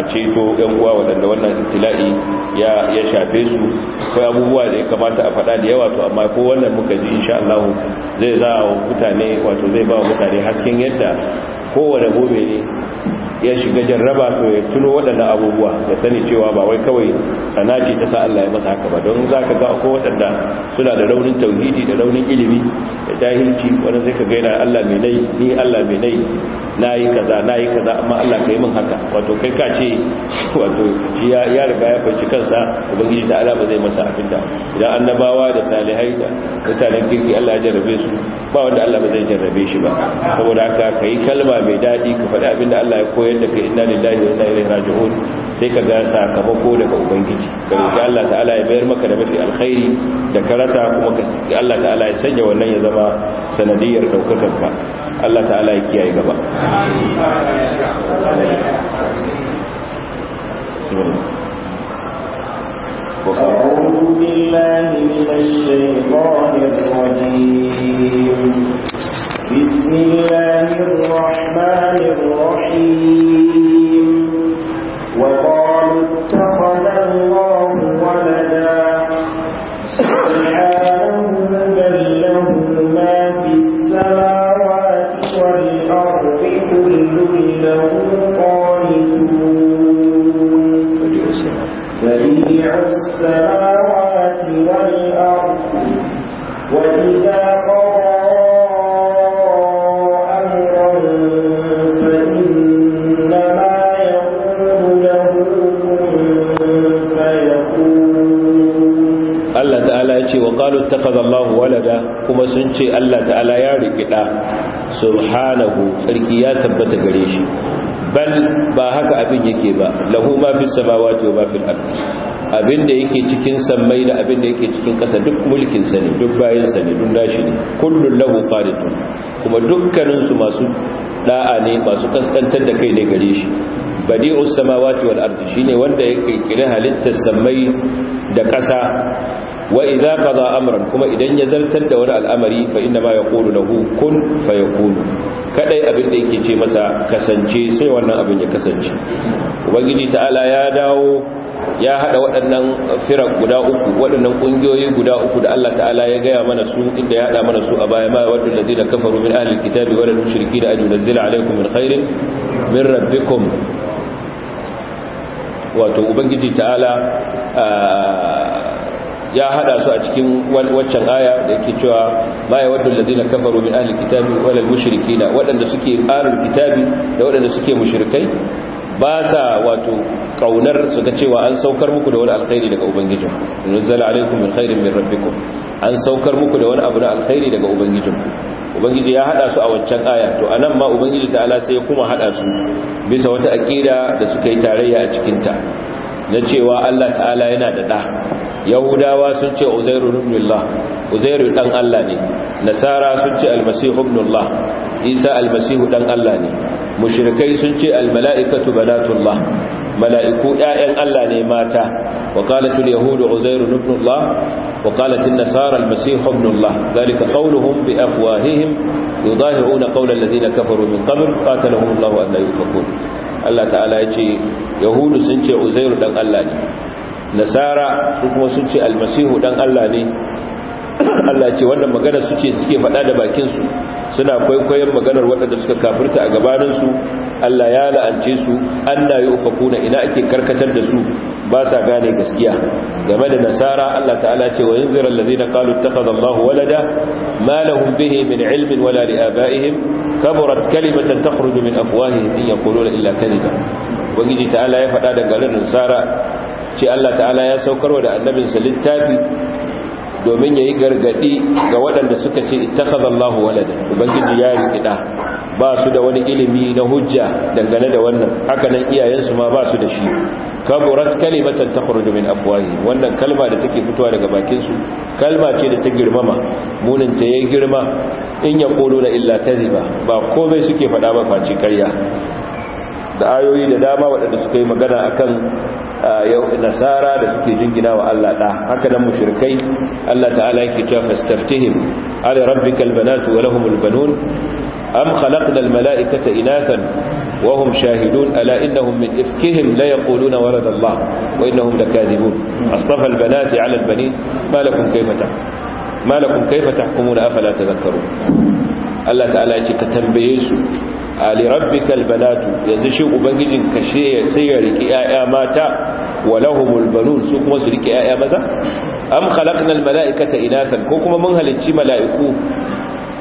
a ceto yan uwa wadanda wannan ibtila'i ya ya shafe su ko abubuwa da ya kamata a faɗa da yawa to amma ko wannan muka ji insha Allah zai za a mutane wato zai ba mutane hasken yadda kowane gobe ne ya shiga jarraba to ya tuno waɗannan abubuwa da sani cewa ba wai kawai sana ce ta sa Allah ya masa haka ba don za ka ga ko waɗanda suna da raunin tauhidi da raunin ilimi da jahilci wani sai ka gaina Allah mai nai ni Allah mai nai na yi kaza na yi kaza amma Allah ka yi min haka wato kai ka ce [laughs] wato shi ya riga ya fanci kansa ubangiji ta ala ba zai masa abin da idan annabawa da salihai da mutane kirki Allah ya jarrabe su ba wanda Allah ba zai jarrabe shi ba saboda haka ka yi kalma mai daɗi ka faɗi abin da Allah ya koyar da kai inna lillahi wa inna ilaihi raji'un sai ka ga sakamako daga ubangiji ka roki Allah ta'ala ya bayar maka da mafi alkhairi da ka rasa kuma Allah ta'ala ya sanya wannan ya zama zama sanadiyar daukakar ka Allah ta'ala ya kiyaye gaba أعوذ بالله من الشيطان الرجيم بسم الله الرحمن الرحيم وقالوا اتخذ الله ولدا Allah ta'ala ya ce wa qalu ittakhadallahu walada kuma sun ce Allah ta'ala ya riki da subhanahu sarki ya tabbata gare shi bal ba haka abin yake ba lahu ma fis samawati wa ma fil ardi abin da yake cikin sammai da abin da yake cikin ƙasa duk mulkin sa ne duk bayan sa ne duk dashi ne kullun lahu qanitun kuma dukkanin su masu da'a ne masu kaskantar da kai ne gare shi badi'us samawati wal ardi shine wanda ya kirkiri halittar samai da ƙasa wa idza qada amran kuma idan ya zartar da wani al'amari fa inna ma yaqulu lahu kun fayakun kadai abin da yake ce masa kasance sai wannan abin ya kasance ubangiji ta'ala ya dawo ya hada waɗannan firak guda uku waɗannan kungiyoyi guda uku da Allah ta'ala ya gaya mana su inda ya hada mana su a baya ma wadda allazina kafaru min ahli alkitabi wal mushrikeena an yunzila alaykum min khairin min rabbikum wato ubangiji ta'ala ah, ya hada su a cikin waccan aya da yake cewa ma ya wadda allazina kafaru min ahli kitabi wal mushrikina wadanda suke ahlul kitabi da wadanda suke mushrikai ba sa wato kaunar su ga cewa an saukar muku da wani alkhairi daga ubangijin nuzala alaikum min khairin min rabbikum an saukar muku da wani abu na alkhairi daga ubangijin ubangiji ya hada su a waccan aya to anan ma ubangiji ta'ala sai ya kuma hada su bisa wata aqida da suka yi tarayya a cikin ta na cewa Allah ta'ala yana da ɗa yahudawa sun ce uzairu ibnullah uzairu dan Allah ne nasara sun ce almasihu ibnullah isa almasihu dan Allah ne Mushirikai sun ce almalaikatu banatullah mala'iku ƴaƴan Allah ne mata wa yahudu uzairu ibnullah wa nasara almasihu ibnullah dalika qawluhum bi afwahihim yudahiruna qawla alladhina kafaru min qabl qatalahum an yufakun Allah ta'ala ya ce yahudu sun ce uzairu dan Allah ne nasara su kuma sun ce almasihu dan Allah ne Allah ce wannan magana suke suke faɗa da bakinsu suna kwaikwayon maganar waɗanda suka kafirta a gabaninsu Allah ya la'ance su Allah ya ufakuna ina ake karkatar da su ba sa gane gaskiya game da nasara Allah ta'ala ce wa yanzira allazina qalu ittakhadha Allah walada ma lahum bihi min ilmin wala li abaihim kaburat kalimatan takhruju min afwahihim in yaquluna illa kadhiba ubangiji ta'ala ya faɗa da garin nasara ce Allah ta'ala ya saukarwa da sa littafi domin yayi gargadi ga waɗanda suka ce ittakhadallahu walada ubangiji ya yi kida ba su da wani ilimi na hujja dangane da wannan haka nan iyayensu ma ba su da shi kaburat kalimatan takhruju min afwahi wannan kalma da take fitowa daga bakin su kalma ce da ta girmama munin ta yayi girma in yaquluna illa kadhiba ba komai suke faɗa ba face karya. da ayoyi da dama waɗanda suka yi magana kan nasara da suke jingina wa Allah ɗa haka nan mushrikai Allah ta'ala yake cewa fastaftihim ala rabbikal banatu wa lahumul banun am khalaqna al mala'ikata inathan wa hum shahidun ala innahum min ifkihim la yaquluna walada Allah wa innahum lakadibun astafa al banati ala al banin ma lakum kayfa ma lakum kayfa tahkumuna afala tadhakkarun Allah ta'ala yake ka tambaye su ali rabbikal banatu yanzu shi ubangijin kashe sai ya riki yaya mata walahumul banun su kuma su riki yaya maza am khalaqnal malaikata inathan ko kuma mun halicci mala'iku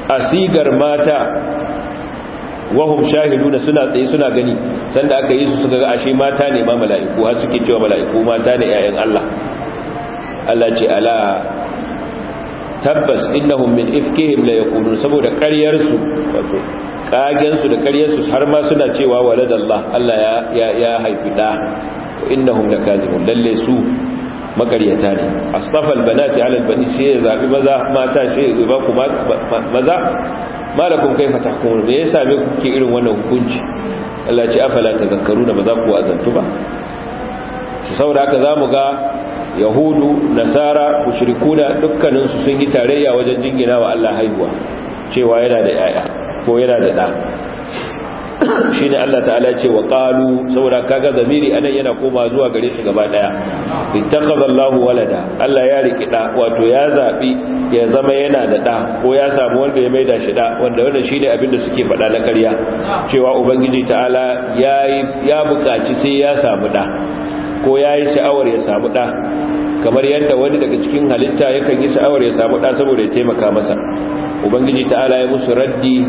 asigar mata wahum shahiduna suna tsaye suna gani sanda aka yi su suka ga ashe mata ne ma mala'iku har suke cewa mala'iku mata ne 'ya'yan Allah Allah ce ala tabbas innahum min ifkihim la yaqulun saboda karyar su wato kagensu da karyarsu har ma suna cewa walad Allah Allah ya ya haifi da innahum lakazibun lalle su makaryata ne astafa albanati ala albani shi ya zabi maza mata shi ya zuba ku maza malakum kaifa tahkumun me yasa me kuke irin wannan hukunci Allah ce afala tazakkaruna ba za ku azantu ba saboda haka zamu ga yahudu nasara mushrikuna dukkaninsu sun yi tarayya wajen jingina wa Allah haihuwa cewa yana da yaya ko yana da ɗa shi ne Allah ta'ala ce wa ƙalu saboda kaga zamiri anan yana koma zuwa gare shi gaba ɗaya ittakhadallahu walada Allah ya riki ɗa wato ya zabi ya zama yana da ɗa ko ya samu wanda ya maida shi ɗa wanda wanda shine abin da suke faɗa na ƙarya cewa ubangiji ta'ala ya buƙaci sai ya samu ɗa ko yayi sha'awar ya samu ɗa kamar yadda wani daga cikin halitta yakan yi sha'awar ya samu ɗa saboda ya taimaka masa ubangiji ta'ala ya musu raddi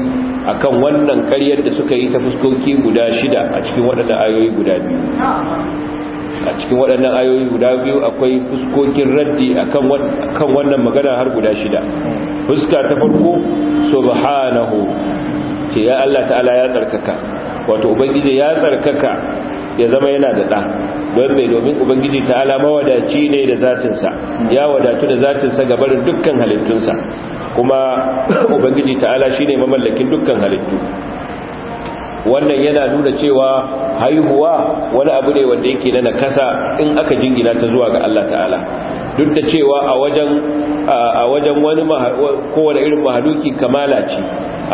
akan wannan karyar da suka yi ta fuskoki guda shida a cikin waɗannan ayoyi guda biyu a cikin waɗannan ayoyi guda biyu akwai fuskokin raddi akan kan wannan magana har guda shida fuska ta farko subhanahu ce ya Allah ta'ala ya tsarkaka wato ubangiji ya tsarkaka ya zama yana da ɗa don mai domin ubangiji ta'ala mawadaci ne da zatinsa ya wadatu da zatinsa ga barin dukkan halittunsa kuma [coughs] ubangiji ta'ala shi ne mamallakin dukkan halittu wannan yana nuna cewa haihuwa wani abu ne wanda yake na nakasa in aka jingina ta zuwa ga Allah ta'ala duk da cewa a wajen a wajen wani kowane irin mahaluki kamala ce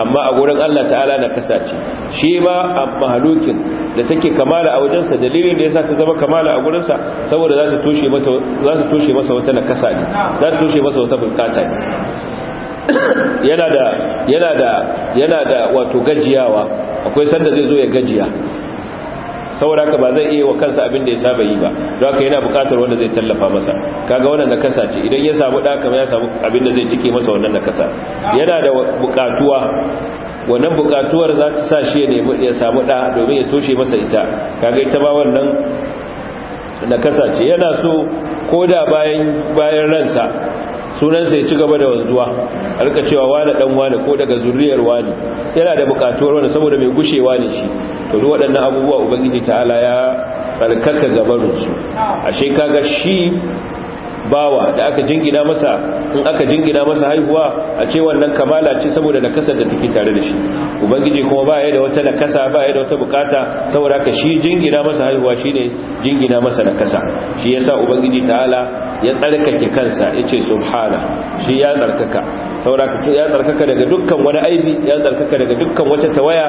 amma a gurin Allah ta'ala na nakasa ce shi ma mahalukin da take kamala a wajensa dalilin da yasa ta zama kamala a gurinsa saboda za ta toshe mata za ta toshe masa wata nakasa ne za ta toshe masa wata bukata ne [coughs] yana da yana da yana da wato gajiyawa akwai sanda zai zo ya gajiya saboda haka ba zai iya wa kansa abin da ya saba yi ba don haka yana bukatar wanda zai tallafa masa kaga wannan nakasa ce idan ya samu da kamar ya samu abin da zai cike masa wannan nakasa yana da bukatuwa wannan bukatuwar za ta sa shi ya samu ɗa domin ya toshe masa ita kaga ita ba wannan na kasace yana so ko da bayan ransa sunansa ya ci gaba da wanzuwa alka cewa wani dan wani ko daga zuriyar wani yana da bukatuwar wani saboda mai gushewa ne shi to duk waɗannan abubuwa ubangiji ta'ala ya tsarkaka su ashe kaga shi bawa da aka jingina masa in aka jingina masa haihuwa a ce wannan kamala ce saboda nakasar da take tare da shi ubangiji kuma ba ya da wata nakasa ba ya da wata bukata saboda haka shi jingina masa haihuwa shine jingina masa nakasa shi yasa ubangiji ta'ala ya tsarkake kansa yace subhana shi ya tsarkaka saboda ya tsarkaka daga dukkan wani aibi ya tsarkaka daga dukkan wata tawaya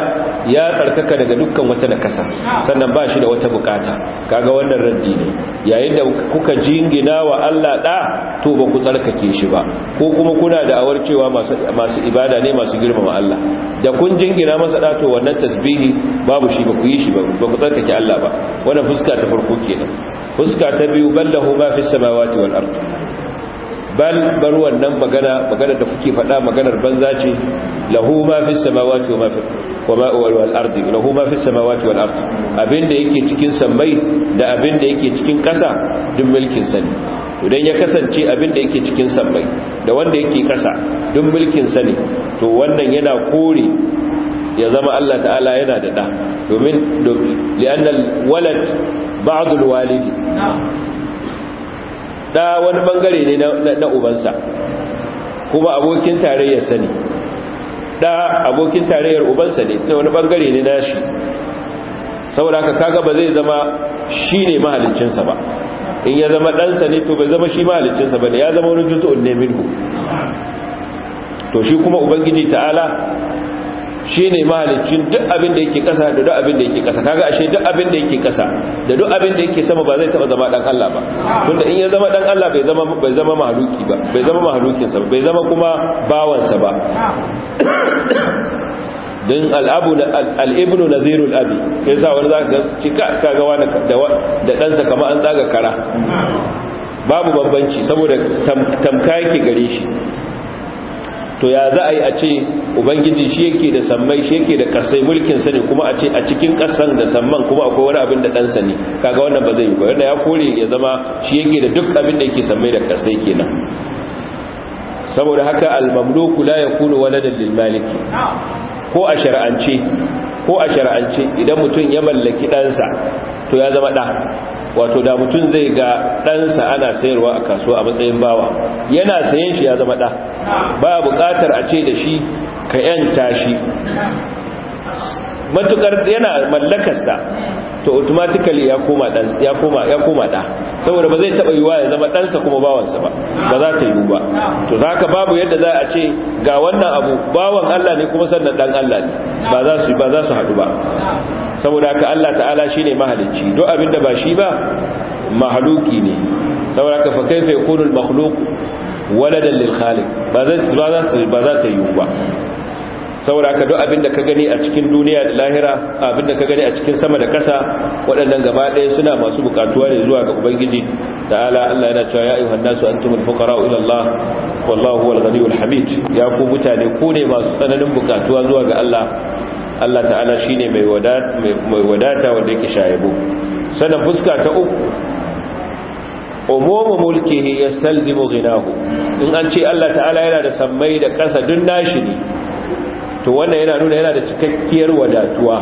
ya tsarkaka daga dukkan wata nakasa sannan ba shi da wata bukata kaga wannan raddi ne yayin da kuka jingina wa Allah da to ba ku tsarkake shi ba ko kuma kuna da awar cewa masu ibada ne masu girmama Allah da kun jingina masa da to wannan tasbihi babu shi ba ku yi shi ba ba ku tsarkake Allah ba wannan fuska ta farko kenan fuska ta biyu ballahu ma fi samawati wal ardh bal bar wannan magana magana da kuke faɗa maganar banza ce lahu ma fi samawati wa ma fi wa wal ardi lahu ma fi samawati wal ardi abinda yake cikin sammai da abinda yake cikin ƙasa duk mulkin sa ne idan ya kasance abinda yake cikin sammai da wanda yake ƙasa duk mulkin sa ne to wannan yana kore ya zama Allah ta'ala yana da da domin li'anna walad ba'd al walidi da wani bangare ne na ubansa kuma abokin tarayyar sani da abokin tarayyar ubansa ne da wani bangare ne na shi saboda ka kaga ba zai zama shi ne mahalicinsa ba in ya zama ɗansa ne to bai zama shi mahalicinsa ba ne ya zama wani jutu'un ne minhu to shi kuma ubangiji ta'ala Shi ne malicin duk abin da yake kasa da duk abin da yake kasa kaga ashe duk abin da yake kasa da duk abin da yake sama ba zai taba zama dan Allah ba tunda in ya zama dan Allah bai zama bai zama mahaluki ba bai zama mahalukin sa bai zama kuma bawan sa ba al al'abu nadhiru al abi kai sa wani zaka ci kaga wani da dan sa kamar an tsaga kara babu bambanci saboda tamka yake gare shi to ya za a yi a ce ubangiji shi yake da sammai shi yake da kasai mulkinsa ne kuma a ce a cikin kasan da samman kuma akwai wani abin da ɗansa ne kaga wannan ba zai yi ba wanda ya kore ya zama shi yake da duk abin da yake sammai da kasai kenan saboda haka al-mamluku la yakunu waladan lil maliki ko a shar'ance ko a shar'ance idan mutum ya mallaki ɗansa to ya zama ɗa wato da mutum zai ga ɗansa ana sayarwa a kasuwa a matsayin bawa yana sayan shi ya zama ɗa ba buƙatar a ce da shi ka ‘yanta shi matukar yana mallakarsa to automatically ya koma dan ya koma ya koma da saboda ba zai taba yiwa ya zama ɗansa kuma bawansa ba ba za ta yiwu ba to zaka babu yadda za a ce ga wannan abu bawan Allah ne kuma sannan dan Allah ne ba za su ba za su haɗu ba saboda ka Allah ta'ala shine mahalicci duk abin da ba shi ba mahaluki ne saboda ka fa kaifa yakunu al-makhluq waladan lil khaliq ba za ta ba za ta yiwu ba saboda ka duk abin da ka gani a cikin duniya da lahira abin da ka gani a cikin sama da kasa waɗannan gaba ɗaya suna masu bukatuwa ne zuwa ga ubangiji ta'ala Allah yana cewa ya ayyuhan nasu antumul fuqara ila Allah wallahu wal ghaniyyul hamid ya ku mutane ku ne masu tsananin bukatuwa zuwa ga Allah Allah ta'ala shine mai wadata mai wadata wanda yake shayebu sanan fuska ta uku umumu mulkihi yastalzimu ghinahu in an ce Allah ta'ala yana da sammai da kasa duk nashi ne to wannan yana nuna yana da cikakkiyar wadatuwa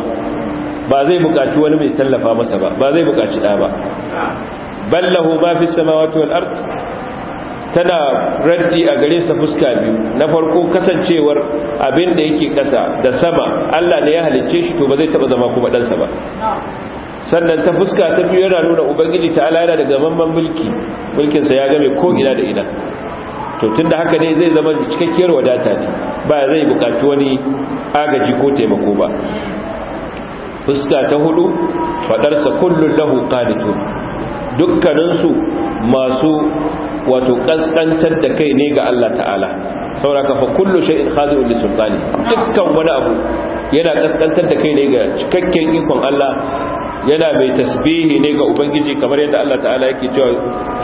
ba zai buƙaci wani mai tallafa masa ba ba zai buƙaci ɗa ba ballahu ma fi samawati wal ard tana raddi a gare ta fuska biyu na farko kasancewar abin da yake ƙasa da sama Allah ne ya halicce shi to ba zai taba zama kuma ɗansa ba sannan ta fuska ta biyu yana nuna ubangiji ta ala yana da gamamman mulki mulkinsa ya game ko ina da ina to tunda haka ne zai zama cikakkiyar wadata ne ba zai bukaci wani agaji ko taimako ba fuska ta hudu fadarsa kullun lahu qanitun dukkaninsu masu wato kaskantar da kai ne ga Allah ta'ala sauraka fa kullu shay'in khadi'un li sultani dukkan wani abu yana kaskantar da kai ne ga cikakken ikon Allah yana mai tasbihi ne ga ubangiji kamar yadda Allah ta'ala yake cewa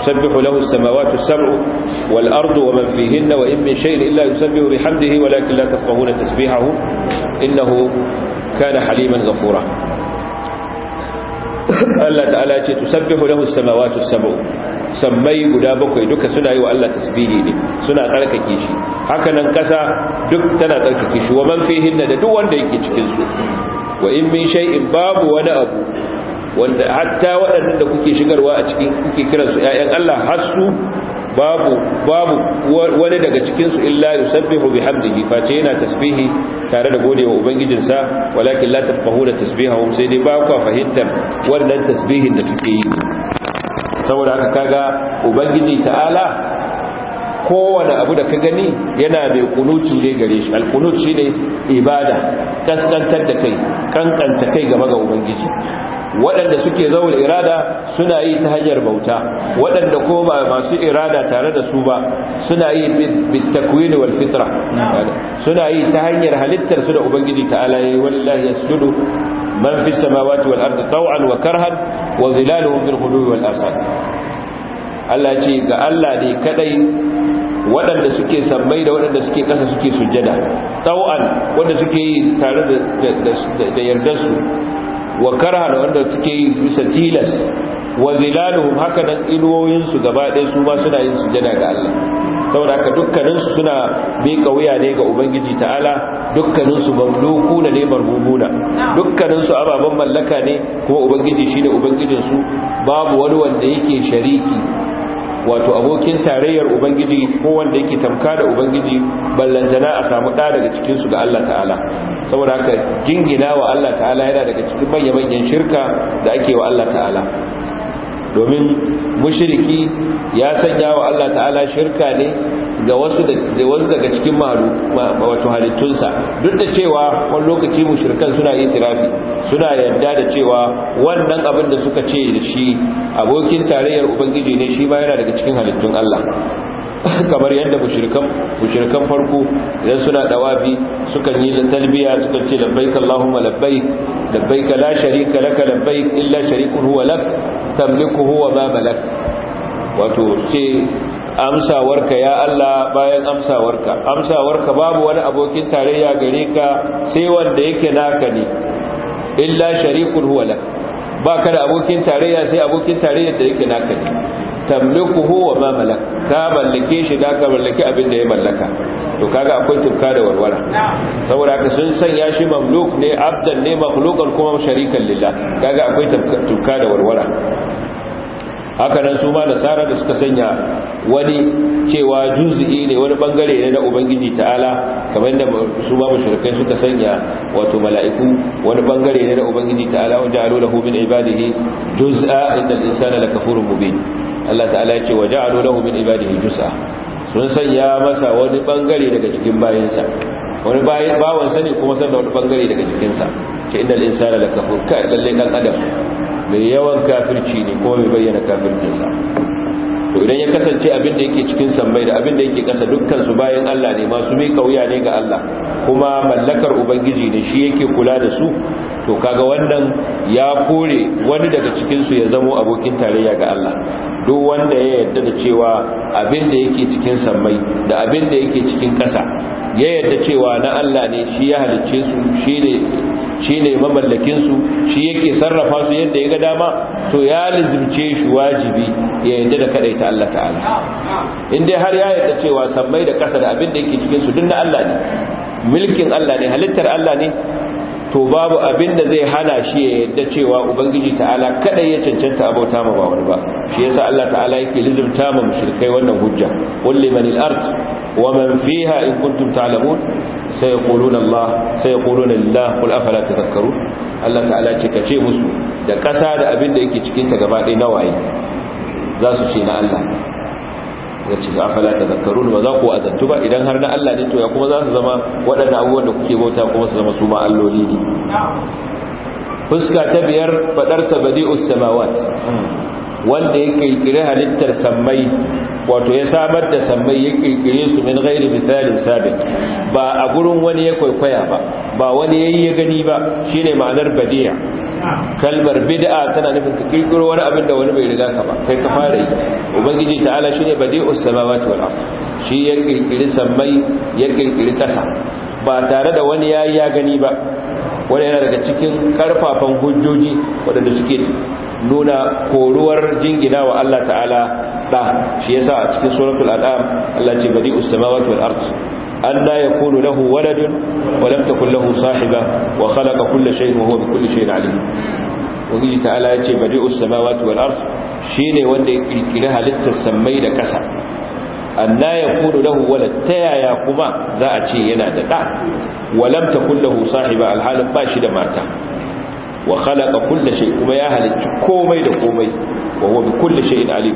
sabbihu lahu as-samawati as-sab'u wal ardu wa man fihinna wa in min shay'in illa yusabbihu bihamdihi walakin la tafqahuna tasbihahu innahu kana haliman ghafura Allah ta'ala ce tusabbihu lahu as-samawati as-sab'u sammai guda bakwai duka suna yi wa Allah tasbihi ne suna tsarkake shi haka nan kasa duk tana tsarkake shi wa man fihinna da duk wanda yake cikin su wa in min shay'in babu wani abu wanda hatta waɗannan da kuke shigarwa a cikin kuke kiransu ‘ya'yan Allah hasu babu babu wani daga cikinsu illa yusabbihu bihamdihi face yana tasbihi tare da godewa ubangijinsa walakin la tafqahuna tasbihahum sai dai ba ku fahimtar wannan tasbihin da suke yi saboda haka kaga ubangiji ta'ala kowane abu da ka gani yana mai kunutu ne gare shi alkunut shine ibada kaskantar da kai kankanta kai game ga ubangiji waɗanda suke zaul irada suna yi ta hanyar bauta waɗanda ko ba masu irada tare da su ba suna yi bit wal fitra suna yi ta hanyar halittar su da ubangiji ta'ala yayi wallahi yasjudu man fis samawati wal ardi taw'an wa karhan wa zilaluhum bil ghuluwi wal asad Allah ce ga Allah ne kadai waɗanda suke sammai da waɗanda suke ƙasa suke sujjada taw'an wanda suke yi tare da yardarsu wa karha da wanda suke yi bisa tilas wa zilaluhum haka nan inuwoyinsu gaba ɗaya su ma suna yin sujada ga Allah saboda haka dukkaninsu suna miƙa wuya ne ga ubangiji ta'ala dukkaninsu mamluku ne marhumuna dukkaninsu ababen mallaka ne kuma ubangiji shine ubangijinsu babu wani wanda yake shariki wato abokin tarayyar ubangiji ko wanda yake tamka da ubangiji ballantana a samu ɗa daga cikinsu ga Allah ta'ala saboda haka jingina wa Allah ta'ala yana daga cikin manya manyan shirka da ake wa Allah ta'ala domin mushiriki ya sanya wa Allah ta'ala shirka ne ga wasu daga cikin wato halittunsa duk da cewa wani lokaci mushrikan suna yi tirafi suna yadda da cewa wannan abin da suka ce da shi abokin tarayyar ubangiji ne shi ba yana daga cikin halittun Allah [laughs] kamar yadda mushrikan mushrikan farko idan suna dawafi sukan yi talbiya sukan ce labbaik allahumma labbaik labbaik la sharika laka labbaik illa sharikun huwa lak tamliku huwa ma malak wato ce amsawarka ya Allah bayan amsawarka amsawarka babu wani abokin tarayya gare ka sai wanda yake naka ne illa sharikun huwa lak ba ka da abokin tarayya sai abokin tarayyar da yake naka ne tamlikuhu wa ma malak ka mallake shi da ka mallaki abin da ya mallaka to kaga akwai tuka da warwara saboda ka sun sanya shi mamluk ne abdan ne makhluqan kuma sharikan lillah kaga akwai tuka da warwara haka nan su ma nasara da suka sanya wani cewa juz'i ne wani bangare ne na ubangiji ta'ala kamar da su ma mushrikai suka sanya wato mala'iku wani bangare ne na ubangiji ta'ala wanda aro lahu min ibadihi juz'a innal insana lakafurun mubin Allah ta'ala yake wa ja'alu lahu min ibadihi jusa sun sanya masa wani bangare daga cikin bayansa wani bawan sani kuma sanda wani bangare daga sa ce inda insana kafin lalle dan adam mai yawan kafirci ne kuma mai bayyana sa to idan ya kasance abin da yake cikin sammai da abin da yake kasa dukkan su bayan Allah ne masu mai wuya ne ga Allah kuma mallakar ubangiji ne shi yake kula da su to kaga wannan ya kore wani daga cikinsu ya zamo abokin tarayya ga Allah duk wanda ya yarda da cewa abin da yake cikin sammai da abin da yake cikin ƙasa ya yarda cewa na Allah ne shi ya halicce su shi ne mamallakin su shi yake sarrafa su yadda ya ga dama to ya lizimce shi wajibi ya yarda da kadaita Allah ta'ala in dai har ya yarda cewa sammai da ƙasa da abin da yake cikin su duk na Allah ne mulkin Allah ne halittar Allah ne to babu abin da zai hana shi ya yadda cewa ubangiji ta'ala kadai ya cancanta abauta ma ba wani ba shi yasa Allah ta'ala yake lizimta ma mushrikai wannan hujja qul liman ard wa man fiha in kuntum ta'lamun sayaquluna Allah sayaquluna Allah qul afala tadhakkarun Allah ta'ala ce kace musu da kasa da abin da yake cikin ta gaba ɗaya nawaye za su ce na Allah ya ce fala ta zakarun ba za ku azantu ba idan har na Allah ne to ya kuma za su zama waɗannan abubuwan da kuke bauta kuma su zama su ma alloli ne fuska ta biyar fadar sabadi'us samawat wanda ya kirkiri halittar sammai wato ya samar da sammai ya kirkire su min ghairi misalin sabit ba a gurin wani ya kwaikwaya ba ba wani yayi ya gani ba shine ma'anar badiya. kalmar bid'a tana nufin ka kirkiro wani abin da wani bai riga ka ba kai ka fara yi ubangiji ta'ala shine badi'us samawati wal ard shi ya kirkire sammai ya kirkire kasa ba tare da wani yayi ya gani ba wani yana daga cikin karfafan hujjoji wadanda suke nuna koruwar jingina wa Allah ta'ala da shi yasa a cikin suratul an'am Allah ce badi samawati wal ard alla yakunu lahu waladun wa lam takul lahu sahiba wa khalaqa kulla shay'in wa huwa bi kulli shay'in alim ubangiji ta'ala yace ce badi samawati wal ard shine wanda ya kirkiri halittar samai da kasa anna yakunu lahu walad tayaya kuma za a ce yana da da wa lam takul lahu sahiba alhalin ba shi da mata wa khalaqa kulla shay kuma ya halicci komai da komai wa huwa bi kulli shay'in alim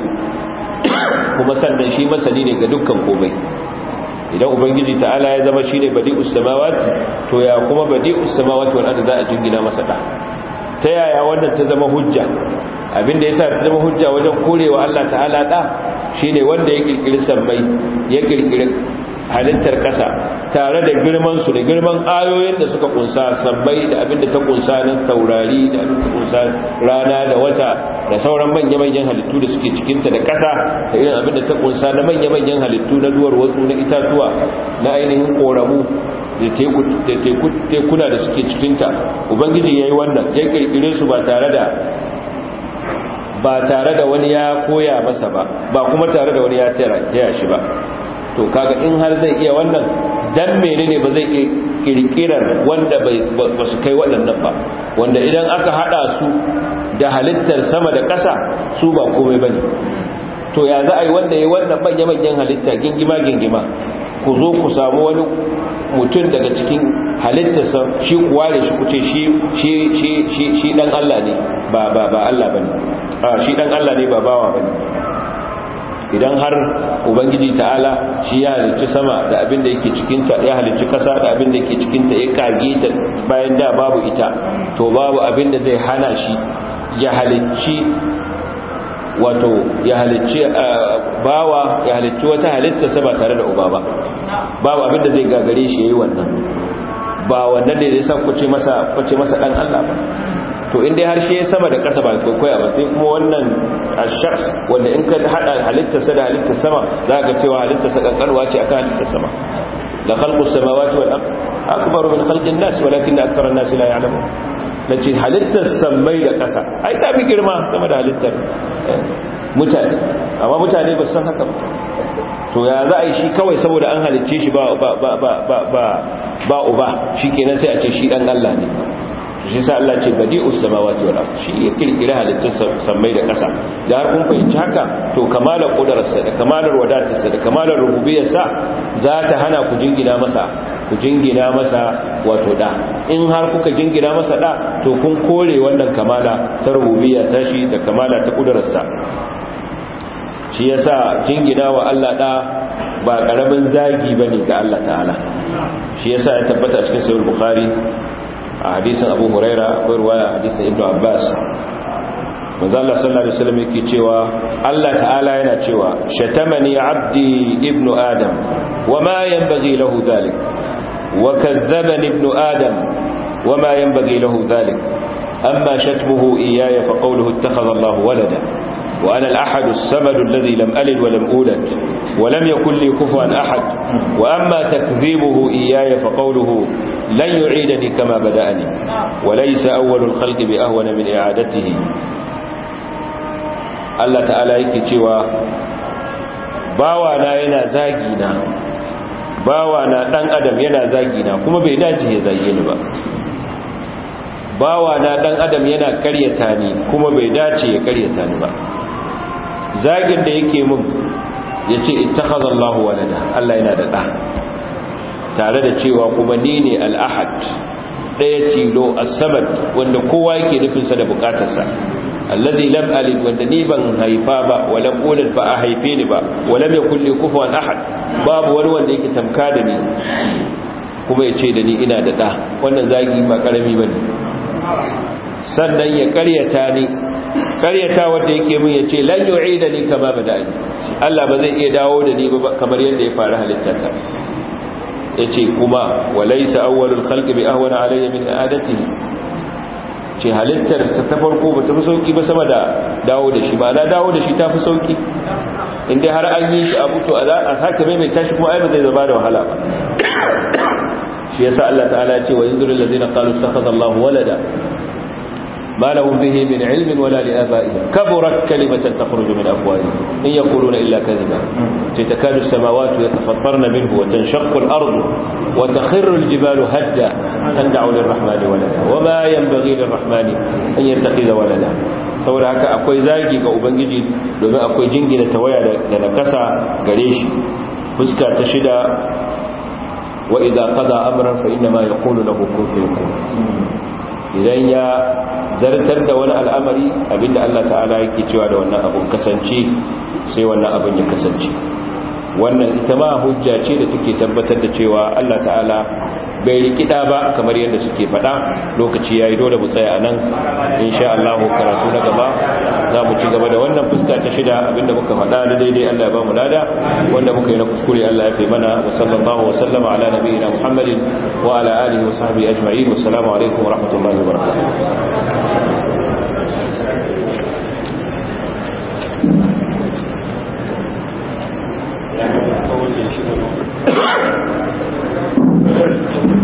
kuma sannan shi masani ne ga dukkan komai idan ubangiji ta'ala ya zama shine badi ussamawati to ya kuma badi ussamawati wal ardi za a jingina masa da ta yaya wannan ta zama hujja abinda yasa ta zama hujja wajen korewa Allah ta'ala da shine wanda ya kirkiri sammai ya kirkiri halittar kasa tare da girman su da girman ayoyin da suka kunsa sabbai da abin da ta kunsa na taurari da abin da kunsa rana da wata da sauran manya-manyan halittu da suke cikinta da kasa da irin abin da ta kunsa na manya-manyan halittu na duwar wasu na itatuwa na ainihin koramu da tekuna da suke cikinta ubangiji ya yi wannan ya kirkire su ba tare da ba tare da wani ya koya masa ba ba kuma tare da wani ya taya shi ba to kaga in har zai iya wannan dan menene ba zai iya kirkirar wanda ba su kai waɗannan ba wanda idan aka hada su da halittar sama da ƙasa su ba komai ba ne. to ya za a yi wanda ya wannan manya-manyan halitta gingima-gingima ku zo ku samu wani mutum daga cikin halittarsa shi kuwa da shi kuce shi dan Allah ne ba Allah ba ne shi dan Allah ne ba bawa ba ne idan har ubangiji ta'ala shi ya halicci sama da abin da yake cikinta ya halicci kasa da abin da yake cikinta ya kage ta bayan da babu ita to babu abin da zai hana shi ya halicci wato ya halicci eh, bawa ya halicci wata halittarsa ba tare da uba ba babu abin da zai gagare shi yayi wannan ba wannan ne da ku kuce masa kuce masa dan Allah ba to in dai harshe ya sama da ƙasa ba kwaikwaya ba sai kuma wannan shakhs wanda in ka hada halittarsa da halitta sama za ka cewa halittarsa kankanwa ce akan halitta sama la khalqu samawati wal ard akbar min khalqin nas walakin akthar an-nas la ya'lamun nace halittar samai da ƙasa ai ta fi girma sama da halittar eh, mutane amma mutane ba san haka to ya za a yi shi kawai saboda an halicce shi ba ba ba ba ba ba uba shikenan sai a ce shi dan Allah ne shi sa Allah ce badi samawati wal ardh shi ya kirkira halittar samai da ƙasa da har kun fahimci haka to kamalar kudararsa da kamalar wadatarsa da kamalar rububiyarsa za ta hana ku jingina masa ku jingina masa wato da in har kuka jingina masa da to kun kore wannan kamala ta ta tashi da kamala ta kudararsa shi yasa jingina wa Allah da ba karamin zagi bane ga Allah ta'ala shi yasa ya tabbata cikin sahih bukhari a abu huraira ko ruwaya a ibn abbas manzo Allah sallallahu alaihi wasallam yake cewa Allah ta'ala yana cewa shatamani abdi ibn adam wama yanbaghi lahu dhalik wa kadzabani ibn adam wama yanbaghi lahu dhalik amma shatmuhu iyaya fa qawluhu ittakhadha Allah walada وأنا الأحد السمد الذي لم ألد ولم أولد ولم يكن لي كفوا أحد وأما تكذيبه إياي فقوله لن يعيدني كما بدأني وليس أول الخلق بأهون من إعادته Allah ta'ala yake cewa bawana yana zagina bawana dan adam yana zagina kuma bai dace ya zage ni ba bawana dan adam yana karyata ni kuma bai dace ya karyata ni ba zagin da yake mun ya ce wa walada Allah yana da ɗa tare da cewa kuma ni ne al-ahad ɗaya tilo as wanda kowa yake nufin da bukatarsa alladhi lam alid wanda ni ban haifa ba wala ulad ba a haife ni ba wala bai kulli kufuwan ahad babu wani wanda yake tamka da ni kuma ya ce da ni ina da ɗa wannan zagi ba ƙarami ba ne sannan ya karyata ni karyata wanda yake min ya ce, lan yu'ida ni kama bada'ani Allah ba zai iya dawo da ni ba kamar yadda ya faru halittata Ya ce kuma walaysa awwalul khalqi bi ahwana alayya min adatihi ce halittar sa ta farko ba ta fi sauki ba sama da dawo da shi ba na dawo da shi ta fi sauki inda har an yi shi a mutu a sake maimaita shi kuma ai ba zai zama da wahala ba shi yasa Allah ta'ala ya ce wa na allazina ta ittakhadha Allahu walada ما لهم به من علم ولا لآبائهم كبرت كلمة تخرج من أفواههم إن يقولون إلا كذبا تكاد السماوات يتفطرن منه وتنشق الأرض وتخر الجبال هدا أن دعوا للرحمن ولدا وما ينبغي للرحمن أن يتخذ ولدا saboda haka akwai zagi ga ubangiji domin akwai jingina ta waya da nakasa gare shi fuska ta shida wa idza qada amran fa inna ma yaqulu lahu kun fayakun idan ya zartar da wani al'amari abinda Allah ta'ala yake cewa da wannan abun kasance sai wannan abun ya kasance wannan ita ma hujja ce da take tabbatar da cewa Allah ta'ala bai rikida ba kamar yadda suke faɗa lokaci yayi dole mu tsaya anan insha Allah karatu na gaba za mu ci gaba da wannan fuska ta shida abinda muka faɗa da daidai Allah ya ba mu lada wanda muka yi na kuskure Allah ya fi mana wa sallallahu wa sallama ala nabiyina Muhammadin wa ala alihi wa sahbihi ajma'in wa assalamu alaikum wa rahmatullahi wa barakatuh ничего нового.